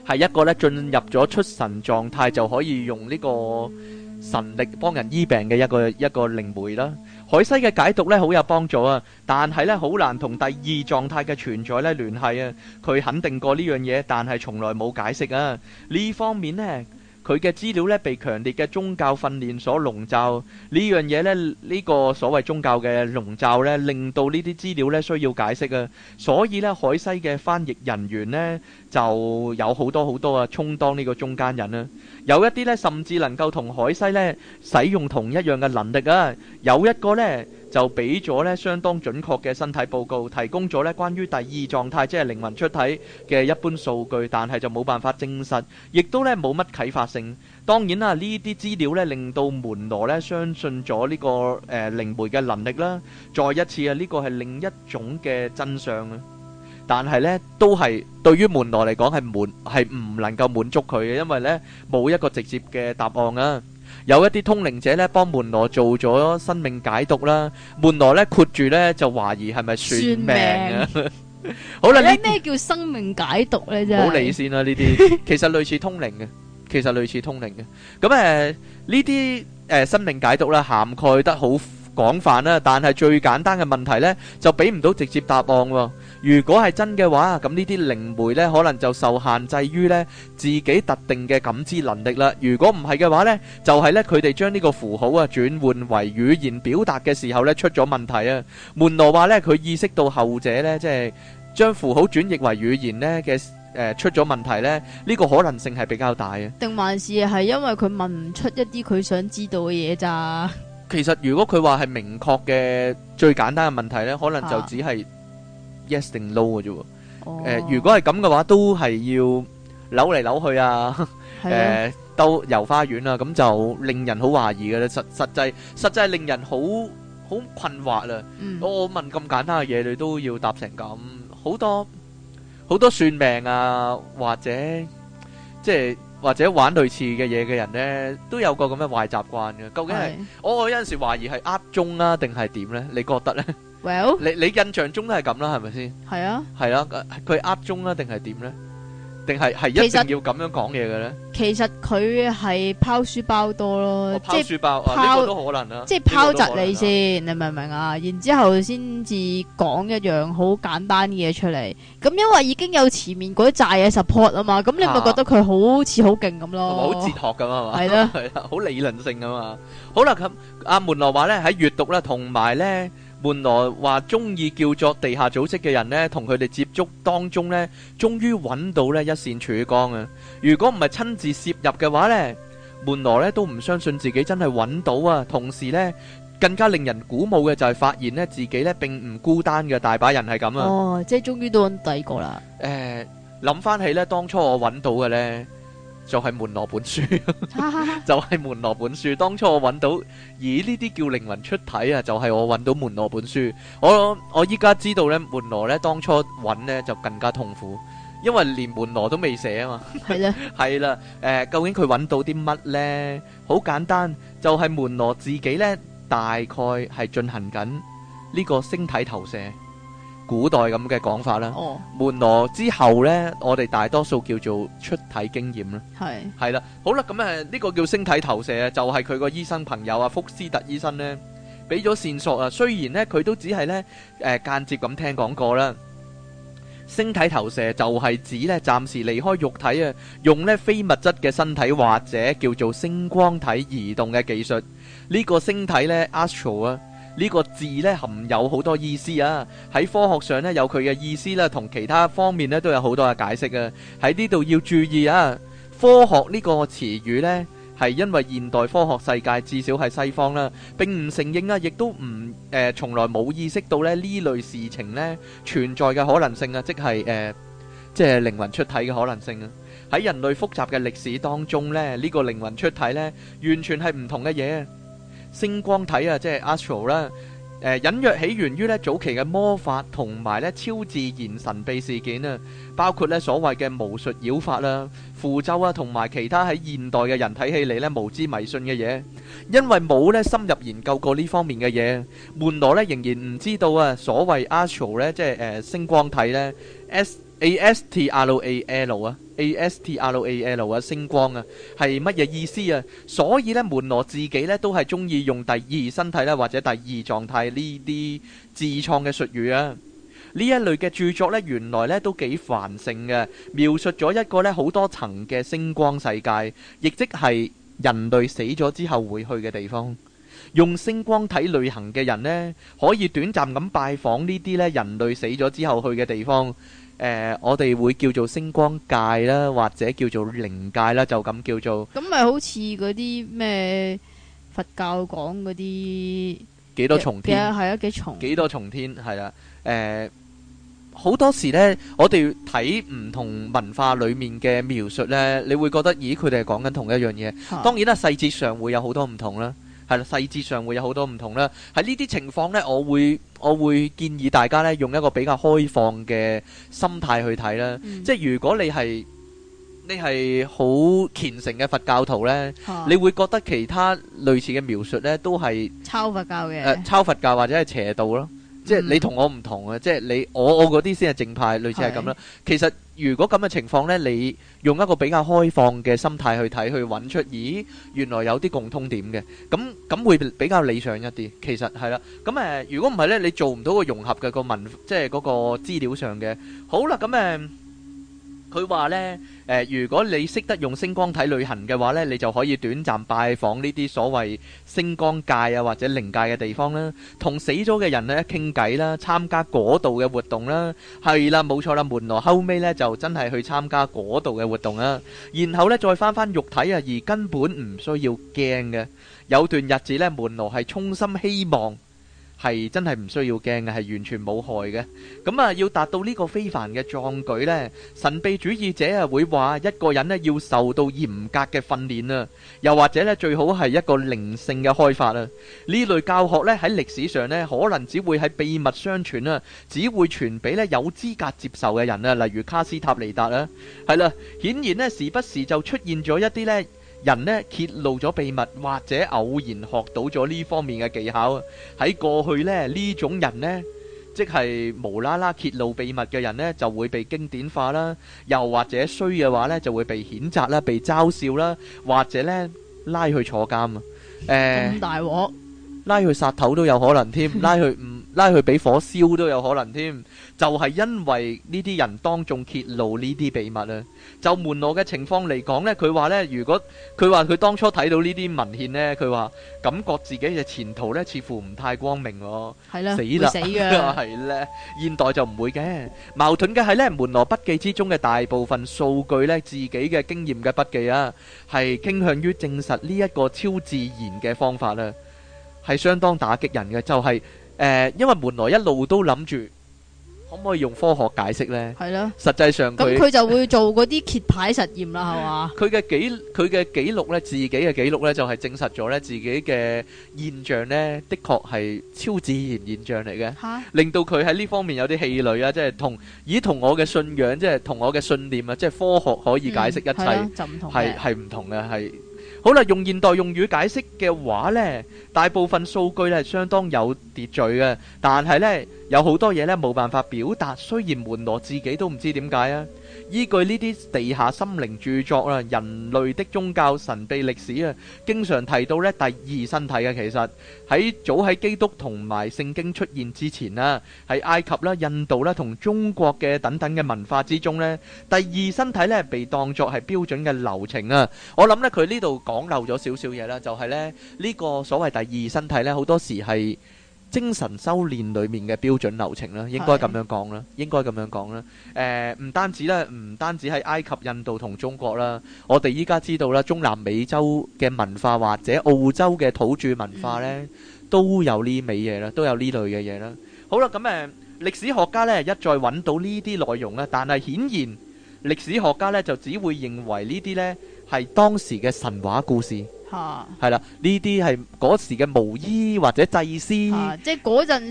係一個呢進入咗出神狀態就可以用呢個神力幫人醫病嘅一個一個靈媒啦。海西嘅解讀咧好有幫助啊，但係咧好難同第二狀態嘅存在咧聯繫啊。佢肯定過呢樣嘢，但係從來冇解釋啊。呢方面咧。佢嘅資料咧被強烈嘅宗教訓練所籠罩，呢樣嘢咧呢個所謂宗教嘅籠罩咧，令到呢啲資料咧需要解釋啊，所以咧海西嘅翻譯人員咧就有好多好多啊，充當呢個中間人啊，有一啲咧甚至能夠同海西咧使用同一樣嘅能力啊，有一個咧，就俾咗咧相當準確嘅身體報告，提供咗咧關於第二狀態，即係靈魂出體嘅一般數據，但係就冇辦法證實，亦都咧冇乜啟發性。當然啦，呢啲資料咧令到門羅咧相信咗呢、呢個誒、呃、靈媒嘅能力啦。再一次啊，呢、呢個係另一種嘅真相啊，但係咧都係對於門羅嚟講係滿係唔能夠滿足佢嘅，因為咧冇一個直接嘅答案啊。有一啲通靈者呢,幫門羅做咗生命解讀啦,門羅呢,括住呢,就懷疑係咪算命㗎。好啦,呢?如果係真嘅話，咁呢啲靈媒呢，可能就受限制於呢自己特定嘅感知能力啦。如果唔係嘅話呢就係、是、呢佢哋將呢個符號啊轉換為語言表達嘅時候呢出咗問題啊。門羅話呢，佢意識到後者呢，即係將符號轉譯為語言呢嘅誒、呃、出咗問題呢，呢、這個可能性係比較大啊。定還是係因為佢問唔出一啲佢想知道嘅嘢咋？其實如果佢話係明確嘅最簡單嘅問題呢，可能就只係、啊。yes 定 no 嘅啫，誒，如果係咁嘅話，都係要扭嚟扭去啊，誒，兜遊花園啊，咁就令人好懷疑嘅咧。實實際實際係令人好好困惑啦。我我問咁簡單嘅嘢，你都要答成咁，好多好多算命啊，或者即係或者玩類似嘅嘢嘅人咧，都有個咁嘅壞習慣嘅。究竟係我我有陣時懷疑係呃中啊，定係點咧？你覺得咧？Well，你你印象中都係咁啦，係咪先？係啊，係啊，佢呃中啊，定係點咧？定係係一定要咁樣講嘢嘅咧？其實佢係拋書包多咯，即係拋，都、啊、揀可能啦，即係拋窒你先，你明唔明啊？然之後先至講一樣好簡單嘅嘢出嚟，咁因為已經有前面嗰啲嘢嘅 support 啊嘛，咁你咪覺得佢好似好勁咁咯？好、啊、哲學咁啊嘛，係啦的，係啦， 好理論性㗎嘛。好啦，咁、嗯、阿、啊、門羅話咧喺閱讀啦，同埋咧。門羅話，中意叫做地下組織嘅人呢，同佢哋接觸當中呢，終於揾到呢一線曙光啊。如果唔係親自涉入嘅話呢，門羅就係門羅本書， 就係門羅本書。當初我揾到，咦呢啲叫靈魂出體啊，就係、是、我揾到門羅本書。我我依家知道咧，門羅咧當初揾呢就更加痛苦，因為連門羅都未寫啊嘛。係 啦， 係啦。誒，究竟佢揾到啲乜呢？好簡單，就係、是、門羅自己呢大概係進行緊呢個星體投射。古代咁嘅講法啦，oh. 門羅之後呢，我哋大多數叫做出體經驗啦，係係啦，好啦，咁誒呢個叫星體投射啊，就係佢個醫生朋友啊，福斯特醫生呢俾咗線索啊，雖然呢，佢都只係呢誒、呃、間接咁聽講過啦，星體投射就係指呢，暫時離開肉體啊，用呢非物質嘅身體或者叫做星光體移動嘅技術，呢、呢個星體呢，Astral 啊。呢個字咧含有好多意思啊！喺科學上咧有佢嘅意思啦，同其他方面咧都有好多嘅解釋啊！喺呢度要注意啊，科學呢個詞語呢，係因為現代科學世界至少係西方啦，並唔承認啊，亦都唔誒從來冇意識到咧呢類事情咧存在嘅可能性啊！即係誒，即係靈魂出體嘅可能性啊！喺人類複雜嘅歷史當中呢，呢個靈魂出體呢，完全係唔同嘅嘢。星光體啊，即係 astral 啦，誒隱約起源於咧早期嘅魔法同埋咧超自然神秘事件啊，包括咧所謂嘅巫術妖法啦、符咒啊，同埋其他喺現代嘅人睇起嚟咧無知迷信嘅嘢，因為冇咧深入研究過呢方面嘅嘢，門羅咧仍然唔知道啊，所謂 astral 咧，即係誒星光體咧，s a s t r a l 啊。A S T R A L 啊，星光啊，係乜嘢意思啊？所以咧，門羅自己咧都係中意用第二身體咧或者第二狀態呢啲自創嘅術語啊。呢一類嘅著作咧，原來咧都幾繁盛嘅，描述咗一個咧好多層嘅星光世界，亦即係人類死咗之後會去嘅地方。用星光體旅行嘅人呢，可以短暫咁拜訪呢啲咧人類死咗之後去嘅地方。誒、呃，我哋會叫做星光界啦，或者叫做靈界啦，就咁叫做。咁咪好似嗰啲咩佛教講嗰啲幾多重天？係啊，幾、呃、重？幾多重天？係啦，誒，好多時呢，我哋睇唔同文化裏面嘅描述呢，你會覺得，咦，佢哋係講緊同一樣嘢。當然啦，細節上會有好多唔同啦。係啦，細節上會有好多唔同啦。喺呢啲情況呢，我會我會建議大家咧，用一個比較開放嘅心態去睇啦。嗯、即係如果你係你係好虔誠嘅佛教徒呢，啊、你會覺得其他類似嘅描述呢都係抄佛教嘅，誒、呃、抄佛教或者係邪道咯。即係你同我、嗯、我唔同嘅，即係你我我嗰啲先係正派，嗯、類似係咁啦。的其實。如果咁嘅情況呢，你用一個比較開放嘅心態去睇，去揾出，咦，原來有啲共通點嘅，咁咁會比較理想一啲。其實係啦，咁誒、呃，如果唔係呢，你做唔到個融合嘅個文，即係嗰個資料上嘅。好啦，咁誒。呃佢話呢，誒、呃，如果你識得用星光體旅行嘅話呢，你就可以短暫拜訪呢啲所謂星光界啊，或者靈界嘅地方啦，同死咗嘅人呢一傾偈啦，參加嗰度嘅活動啦，係啦，冇錯啦，門羅後尾呢，就真係去參加嗰度嘅活動啦。然後呢，再翻翻肉體啊，而根本唔需要驚嘅。有段日子呢，門羅係衷心希望。係真係唔需要驚嘅，係完全冇害嘅。咁啊，要達到呢個非凡嘅壯舉呢，神秘主義者啊會話一個人呢要受到嚴格嘅訓練啦，又或者呢最好係一個靈性嘅開發啦。呢類教學呢喺歷史上呢可能只會係秘密相傳啊，只會傳俾呢有資格接受嘅人啊，例如卡斯塔尼達啊，係啦，顯然呢時不時就出現咗一啲呢。人呢揭露咗秘密，或者偶然學到咗呢方面嘅技巧，喺過去呢，呢種人呢，即係無啦啦揭露秘密嘅人呢，就會被經典化啦，又或者衰嘅話呢，就會被譴責啦、被嘲笑啦，或者呢拉去坐監啊！誒、 呃，大鑊。拉去殺頭都有可能添，拉去唔拉去俾火燒都有可能添，就係因為呢啲人當眾揭露呢啲秘密啊！就門羅嘅情況嚟講咧，佢話咧，如果佢話佢當初睇到呢啲文獻咧，佢話感覺自己嘅前途咧似乎唔太光明，係啦，死啦，係啦，現代就唔會嘅。矛盾嘅係咧，門羅筆記之中嘅大部分數據咧，自己嘅經驗嘅筆記啊，係傾向於證實呢一個超自然嘅方法啦。係相當打擊人嘅，就係誒，因為門羅一路都諗住可唔可以用科學解釋咧？係咯，實際上佢咁佢就會做嗰啲揭牌實驗啦，係嘛？佢嘅記佢嘅記錄咧，自己嘅記錄咧，就係證實咗咧自己嘅現象咧，的確係超自然現象嚟嘅，令到佢喺呢方面有啲氣餒啊！即係同咦，同我嘅信仰，即係同我嘅信念啊，即係科學可以解釋一切，係係唔同嘅係。好啦，用現代用語解釋嘅話呢，大部分數據咧，相當有秩序嘅，但係呢，有好多嘢呢，冇辦法表達，雖然門羅自己都唔知點解啊。依據呢啲地下心靈著作啊、人類的宗教神秘歷史啊，經常提到咧第二身體嘅。其實喺早喺基督同埋聖經出現之前啊，喺埃及啦、印度啦同中國嘅等等嘅文化之中呢，第二身體呢，被當作係標準嘅流程啊。我諗呢，佢呢度講漏咗少少嘢啦，就係呢，呢個所謂第二身體呢，好多時係精神修練裏面嘅標準流程啦，應該咁樣講啦，應該咁樣講啦。誒、呃，唔單止咧，唔單止喺埃及、印度同中國啦，我哋依家知道啦，中南美洲嘅文化或者澳洲嘅土著文化呢，都有呢味嘢啦，都有呢類嘅嘢啦。好啦，咁、嗯、誒，歷史學家呢，一再揾到呢啲內容啦，但係顯然歷史學家呢，就只會認為呢啲呢係當時嘅神話故事。吓，係啦、啊，呢啲係嗰時嘅巫醫或者祭司、啊，即係嗰陣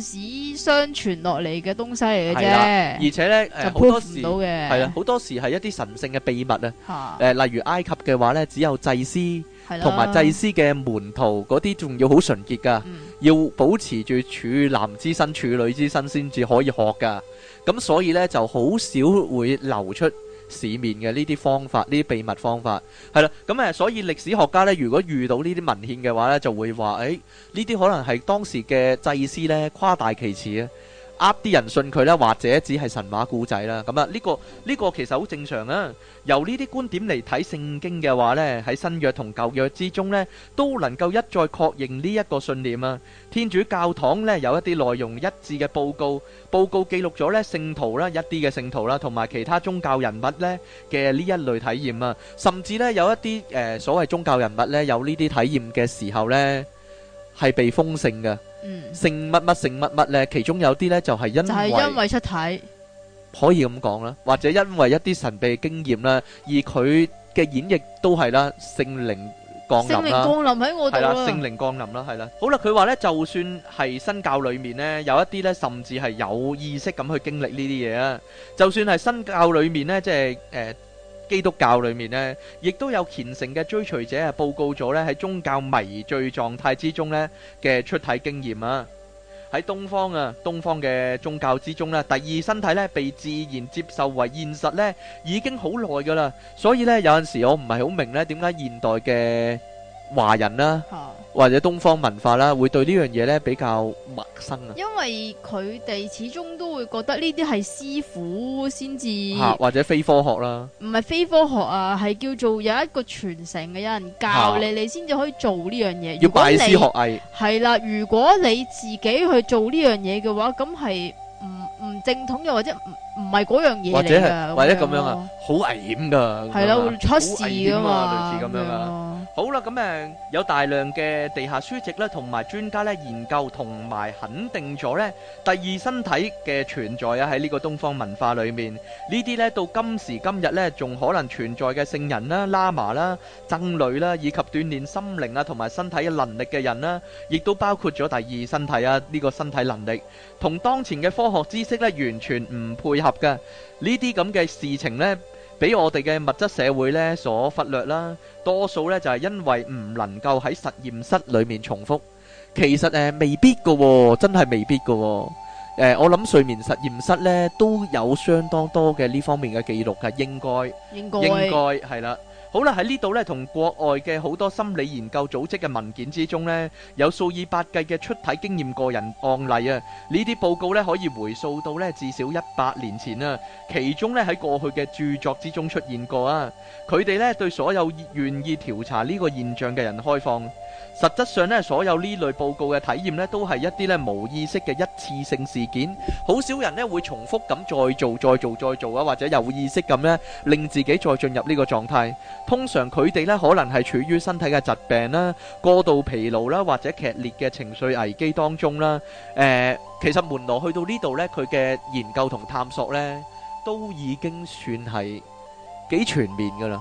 時相傳落嚟嘅東西嚟嘅啫。而且咧，就好多時係啊，好多時係一啲神聖嘅秘密啊。誒，例如埃及嘅話咧，只有祭司同埋祭司嘅門徒嗰啲仲要好純潔噶，嗯、要保持住處男之身、處女之身先至可以學噶。咁所以咧，就好少會流出市面嘅呢啲方法，呢啲秘密方法，係啦，咁誒，所以歷史學家呢，如果遇到呢啲文獻嘅話呢，就會話，誒、哎，呢啲可能係當時嘅祭師呢，誇大其詞啊。呃，啲人信佢啦，或者只係神話故仔啦。咁啊，呢個呢個其實好正常啊。由呢啲觀點嚟睇，聖經嘅話咧，喺新約同舊約之中咧，都能夠一再確認呢一個信念啊。天主教堂咧有一啲內容一致嘅報告，報告記錄咗咧聖徒啦，一啲嘅聖徒啦，同埋其他宗教人物咧嘅呢一類體驗啊。甚至咧有一啲誒、呃、所謂宗教人物咧有呢啲體驗嘅時候咧，係被封聖嘅。嗯，聖物物聖物物咧，其中有啲咧就係因為，就係因為出體，可以咁講啦。或者因為一啲神秘經驗啦，而佢嘅演繹都係啦，聖靈降臨啦，降臨喺我度啦，聖靈降臨啦，係啦。好啦，佢話咧，就算係新教裏面咧，有一啲咧，甚至係有意識咁去經歷呢啲嘢啊。就算係新教裏面咧，即係誒。基督教裏面咧，亦都有虔誠嘅追隨者係報告咗咧，喺宗教迷醉狀態之中咧嘅出體經驗啊！喺東方啊，東方嘅宗教之中咧，第二身體咧被自然接受為現實咧，已經好耐噶啦。所以咧，有陣時我唔係好明咧，點解現代嘅華人啦？或者東方文化啦，會對呢樣嘢咧比較陌生啊。因為佢哋始終都會覺得呢啲係師傅先至，或者非科學啦。唔係非科學啊，係叫做有一個傳承嘅，有人教你，你先至可以做呢樣嘢。要拜師學藝，係啦。如果你自己去做呢樣嘢嘅話，咁係唔唔正統，又或者唔唔係嗰樣嘢嚟㗎。或者咁樣啊，好危險㗎。係咯，會出事㗎嘛。類似咁樣啊。好啦，咁啊有大量嘅地下書籍啦，同埋專家咧研究同埋肯定咗呢第二身體嘅存在啊，喺呢個東方文化裏面呢啲呢，到今時今日呢仲可能存在嘅聖人啦、喇嘛啦、僧侶啦，以及鍛煉心靈啊同埋身體嘅能力嘅人啦，亦都包括咗第二身體啊呢個身體能力，同當前嘅科學知識呢完全唔配合噶呢啲咁嘅事情呢，俾我哋嘅物質社會呢，所忽略啦，多數呢，就係因為唔能夠喺實驗室裏面重複。其實，好啦，喺呢度呢，同國外嘅好多心理研究組織嘅文件之中呢，有數以百計嘅出體經驗個人案例啊！呢啲報告呢，可以回溯到呢至少一百年前啊，其中呢，喺過去嘅著作之中出現過啊，佢哋呢，對所有願意調查呢個現象嘅人開放。實質上咧，所有呢類報告嘅體驗呢，都係一啲咧無意識嘅一次性事件，好少人呢會重複咁再做、再做、再做啊，或者有意識咁呢令自己再進入呢個狀態。通常佢哋呢，可能係處於身體嘅疾病啦、過度疲勞啦，或者劇烈嘅情緒危機當中啦。誒、呃，其實門羅去到呢度呢，佢嘅研究同探索呢，都已經算係幾全面㗎喇。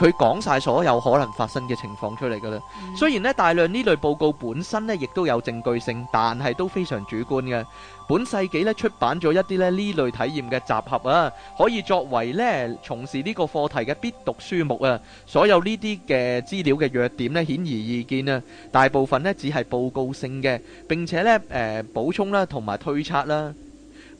佢講晒所有可能發生嘅情況出嚟㗎啦。嗯、雖然咧大量呢類報告本身咧亦都有證據性，但係都非常主觀嘅。本世紀咧出版咗一啲咧呢類體驗嘅集合啊，可以作為咧從事呢個課題嘅必讀書目啊。所有呢啲嘅資料嘅弱點咧顯而易見啊，大部分咧只係報告性嘅，並且咧誒、呃、補充啦同埋推測啦。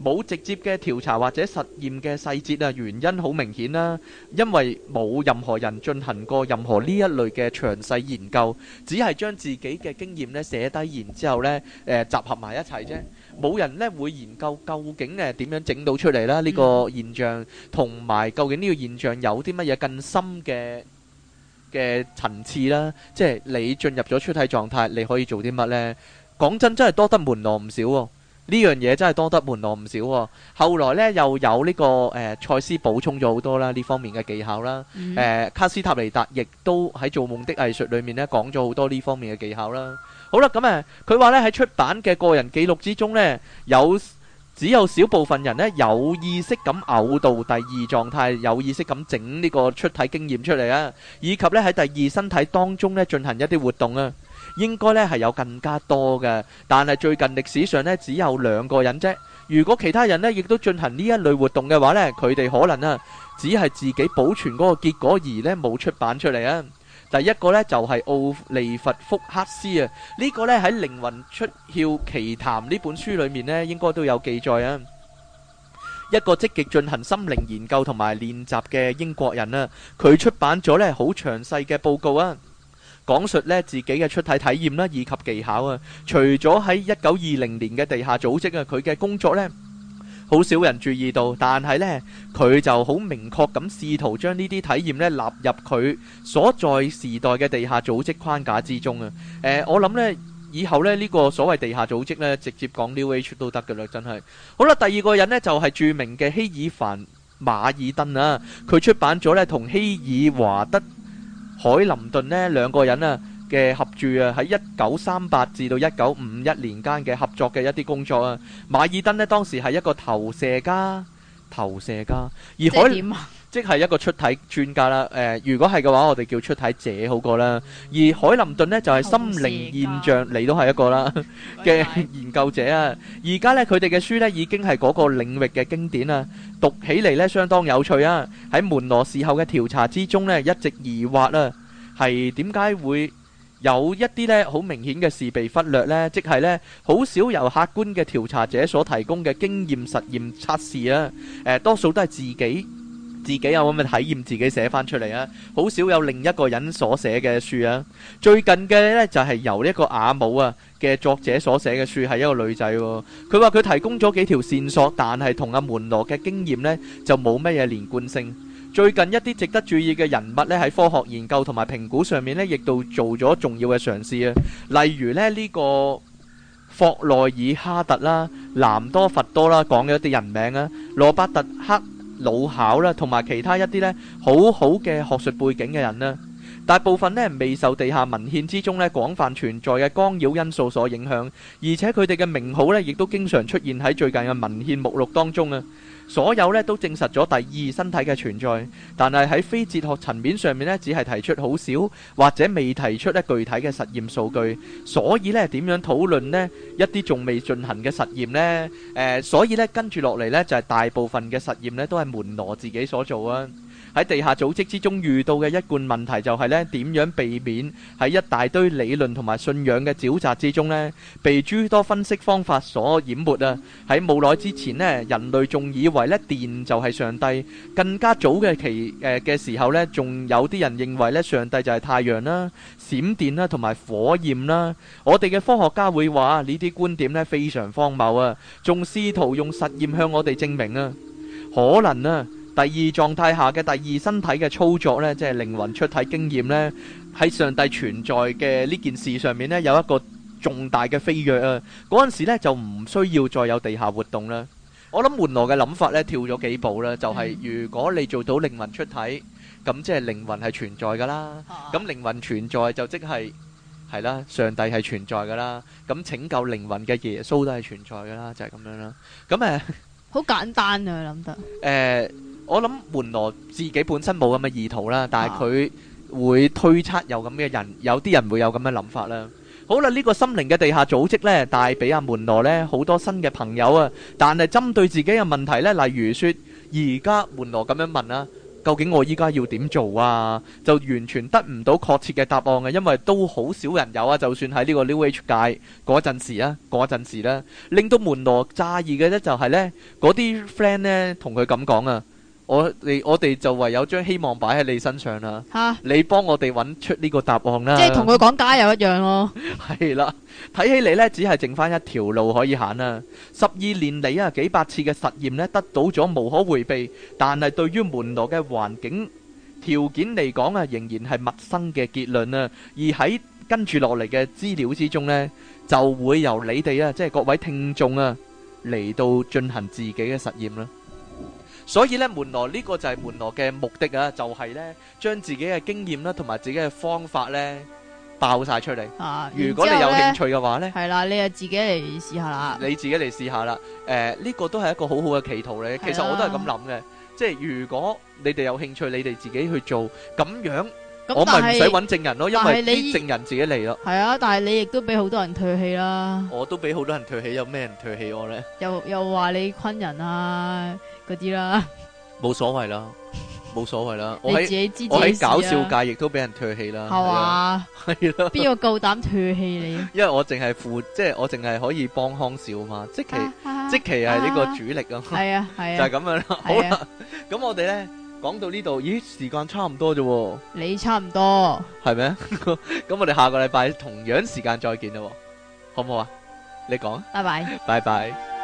冇直接嘅調查或者實驗嘅細節啊，原因好明顯啦，因為冇任何人進行過任何呢一類嘅詳細研究，只係將自己嘅經驗咧寫低，然之後咧誒集合埋一齊啫。冇人咧會研究究竟誒點樣整到出嚟啦？呢個現象同埋究竟呢個現象有啲乜嘢更深嘅嘅層次啦？即係你進入咗出體狀態，你可以做啲乜咧？講真，真係多得門羅唔少喎。呢樣嘢真係多得門羅唔少喎、哦。後來咧又有呢、這個誒賽、呃、斯補充咗好多啦，呢方面嘅技巧啦。誒、嗯呃、卡斯塔尼達亦都喺《做夢的藝術》裡面呢講咗好多呢方面嘅技巧啦。好啦，咁誒佢話呢，喺出版嘅個人記錄之中呢，有只有少部分人呢有意識咁嘔到第二狀態，有意識咁整呢個出體經驗出嚟啊，以及呢喺第二身體當中呢進行一啲活動啊。應該咧係有更加多嘅，但係最近歷史上咧只有兩個人啫。如果其他人咧亦都進行呢一類活動嘅話咧，佢哋可能啊只係自己保存嗰個結果而咧冇出版出嚟啊。第一個呢，就係奧利弗福克斯啊，呢、這個咧喺《靈魂出竅奇談》呢本書裡面咧應該都有記載啊。一個積極進行心靈研究同埋練習嘅英國人啊，佢出版咗咧好詳細嘅報告啊。講述咧自己嘅出體體驗啦，以及技巧啊。除咗喺一九二零年嘅地下組織啊，佢嘅工作咧好少人注意到，但係咧佢就好明確咁試圖將呢啲體驗咧納入佢所在時代嘅地下組織框架之中啊海林頓呢兩個人啊嘅合著啊喺一九三八至到一九五一年間嘅合作嘅一啲工作啊，馬爾登呢當時係一個投射家，投射家而海。即係一個出體專家啦。誒，如果係嘅話，我哋叫出體者好過啦。而海林頓咧就係心靈現象，你都係一個啦嘅研究者啊。而家咧佢哋嘅書咧已經係嗰個領域嘅經典啊，讀起嚟咧相當有趣啊。喺門羅事後嘅調查之中咧，一直疑惑啊，係點解會有一啲咧好明顯嘅事被忽略咧？即係咧好少由客觀嘅調查者所提供嘅經驗實驗測試啊。誒，多數都係自己。自己有咁嘅體驗，自己寫翻出嚟啊！好少有另一個人所寫嘅書啊！最近嘅呢就係由一個阿母啊嘅作者所寫嘅書，係一個女仔。佢話佢提供咗幾條線索，但係同阿門羅嘅經驗呢就冇咩嘢連貫性。最近一啲值得注意嘅人物呢喺科學研究同埋評估上面呢，亦都做咗重要嘅嘗試啊！例如呢呢個霍內爾哈特啦、南多佛多啦，講嘅一啲人名啊，羅伯特克。老考啦，同埋其他一啲咧好好嘅學術背景嘅人咧。大部分呢未受地下文獻之中呢廣泛存在嘅干擾因素所影響，而且佢哋嘅名號呢亦都經常出現喺最近嘅文獻目錄當中啊！所有呢都證實咗第二身體嘅存在，但係喺非哲學層面上面呢，只係提出好少或者未提出呢具體嘅實驗數據，所以呢點樣討論呢一啲仲未進行嘅實驗呢？誒，所以呢跟住落嚟呢就係大部分嘅實驗呢都係門羅自己所做啊！喺地下組織之中遇到嘅一貫問題就係呢點樣避免喺一大堆理論同埋信仰嘅沼澤之中呢被諸多分析方法所淹沒啊！喺冇耐之前呢，人類仲以為呢電就係上帝，更加早嘅期誒嘅時候呢，仲有啲人認為呢上帝就係太陽啦、閃電啦同埋火焰啦。我哋嘅科學家會話呢啲觀點呢非常荒謬啊，仲試圖用實驗向我哋證明啊，可能啊。第二狀態下嘅第二身體嘅操作咧，即係靈魂出體經驗咧，喺上帝存在嘅呢件事上面咧，有一個重大嘅飛躍啊！嗰陣時咧就唔需要再有地下活動啦。我諗門羅嘅諗法咧跳咗幾步啦，就係如果你做到靈魂出體，咁即係靈魂係存在噶啦，咁靈魂存在就即係係啦，上帝係存在噶啦，咁拯救靈魂嘅耶穌都係存在噶啦，就係咁樣啦。咁誒，好簡單啊，我諗得誒。我諗門羅自己本身冇咁嘅意圖啦，但係佢會推測有咁嘅人，有啲人會有咁嘅諗法啦。好啦，呢個心靈嘅地下組織咧，帶俾阿門羅咧好多新嘅朋友啊。但係針對自己嘅問題咧，例如說而家門羅咁樣問啊，究竟我依家要點做啊？就完全得唔到確切嘅答案嘅，因為都好少人有啊。就算喺呢個 New Age 界嗰陣時啊，嗰陣時咧，令到門羅詫異嘅咧就係咧，嗰啲 friend 咧同佢咁講啊。我你我哋就唯有將希望擺喺你身上啦，吓你幫我哋揾出呢個答案啦，即係同佢講加油一樣咯。係啦，睇起嚟咧，只係剩翻一條路可以行啦。十二年嚟啊，幾百次嘅實驗咧，得到咗無可回避，但係對於門羅嘅環境條件嚟講啊，仍然係陌生嘅結論啊。而喺跟住落嚟嘅資料之中咧，就會由你哋啊，即係各位聽眾啊，嚟到進行自己嘅實驗啦。所以咧，門羅呢、這個就係門羅嘅目的啊，就係、是、咧將自己嘅經驗啦，同埋自己嘅方法咧爆晒出嚟。啊，如果你有興趣嘅話咧，係啦，你啊自己嚟試下啦。你自己嚟試下啦。誒、呃，呢、這個都係一個好好嘅企圖咧。其實我都係咁諗嘅，啦即係如果你哋有興趣，你哋自己去做，咁樣。我咪唔使揾證人咯，因為啲證人自己嚟咯。係啊，但係你亦都俾好多人唾棄啦。我都俾好多人唾棄，有咩人唾棄我咧？又又話你昆人啊，嗰啲啦。冇所謂啦，冇所謂啦。我自己知自己事。我喺搞笑界亦都俾人唾棄啦。係啊，係咯。邊個夠膽唾棄你？因為我淨係負，即係我淨係可以幫康少嘛。即其即其係呢個主力啊。係啊係啊，就係咁樣啦。好啦，咁我哋咧。講到呢度，咦，時間差唔多啫喎？你差唔多，係咩是嗎？咁 我哋下個禮拜同樣時間再見啦喎，好唔好啊？你講，拜拜，拜拜。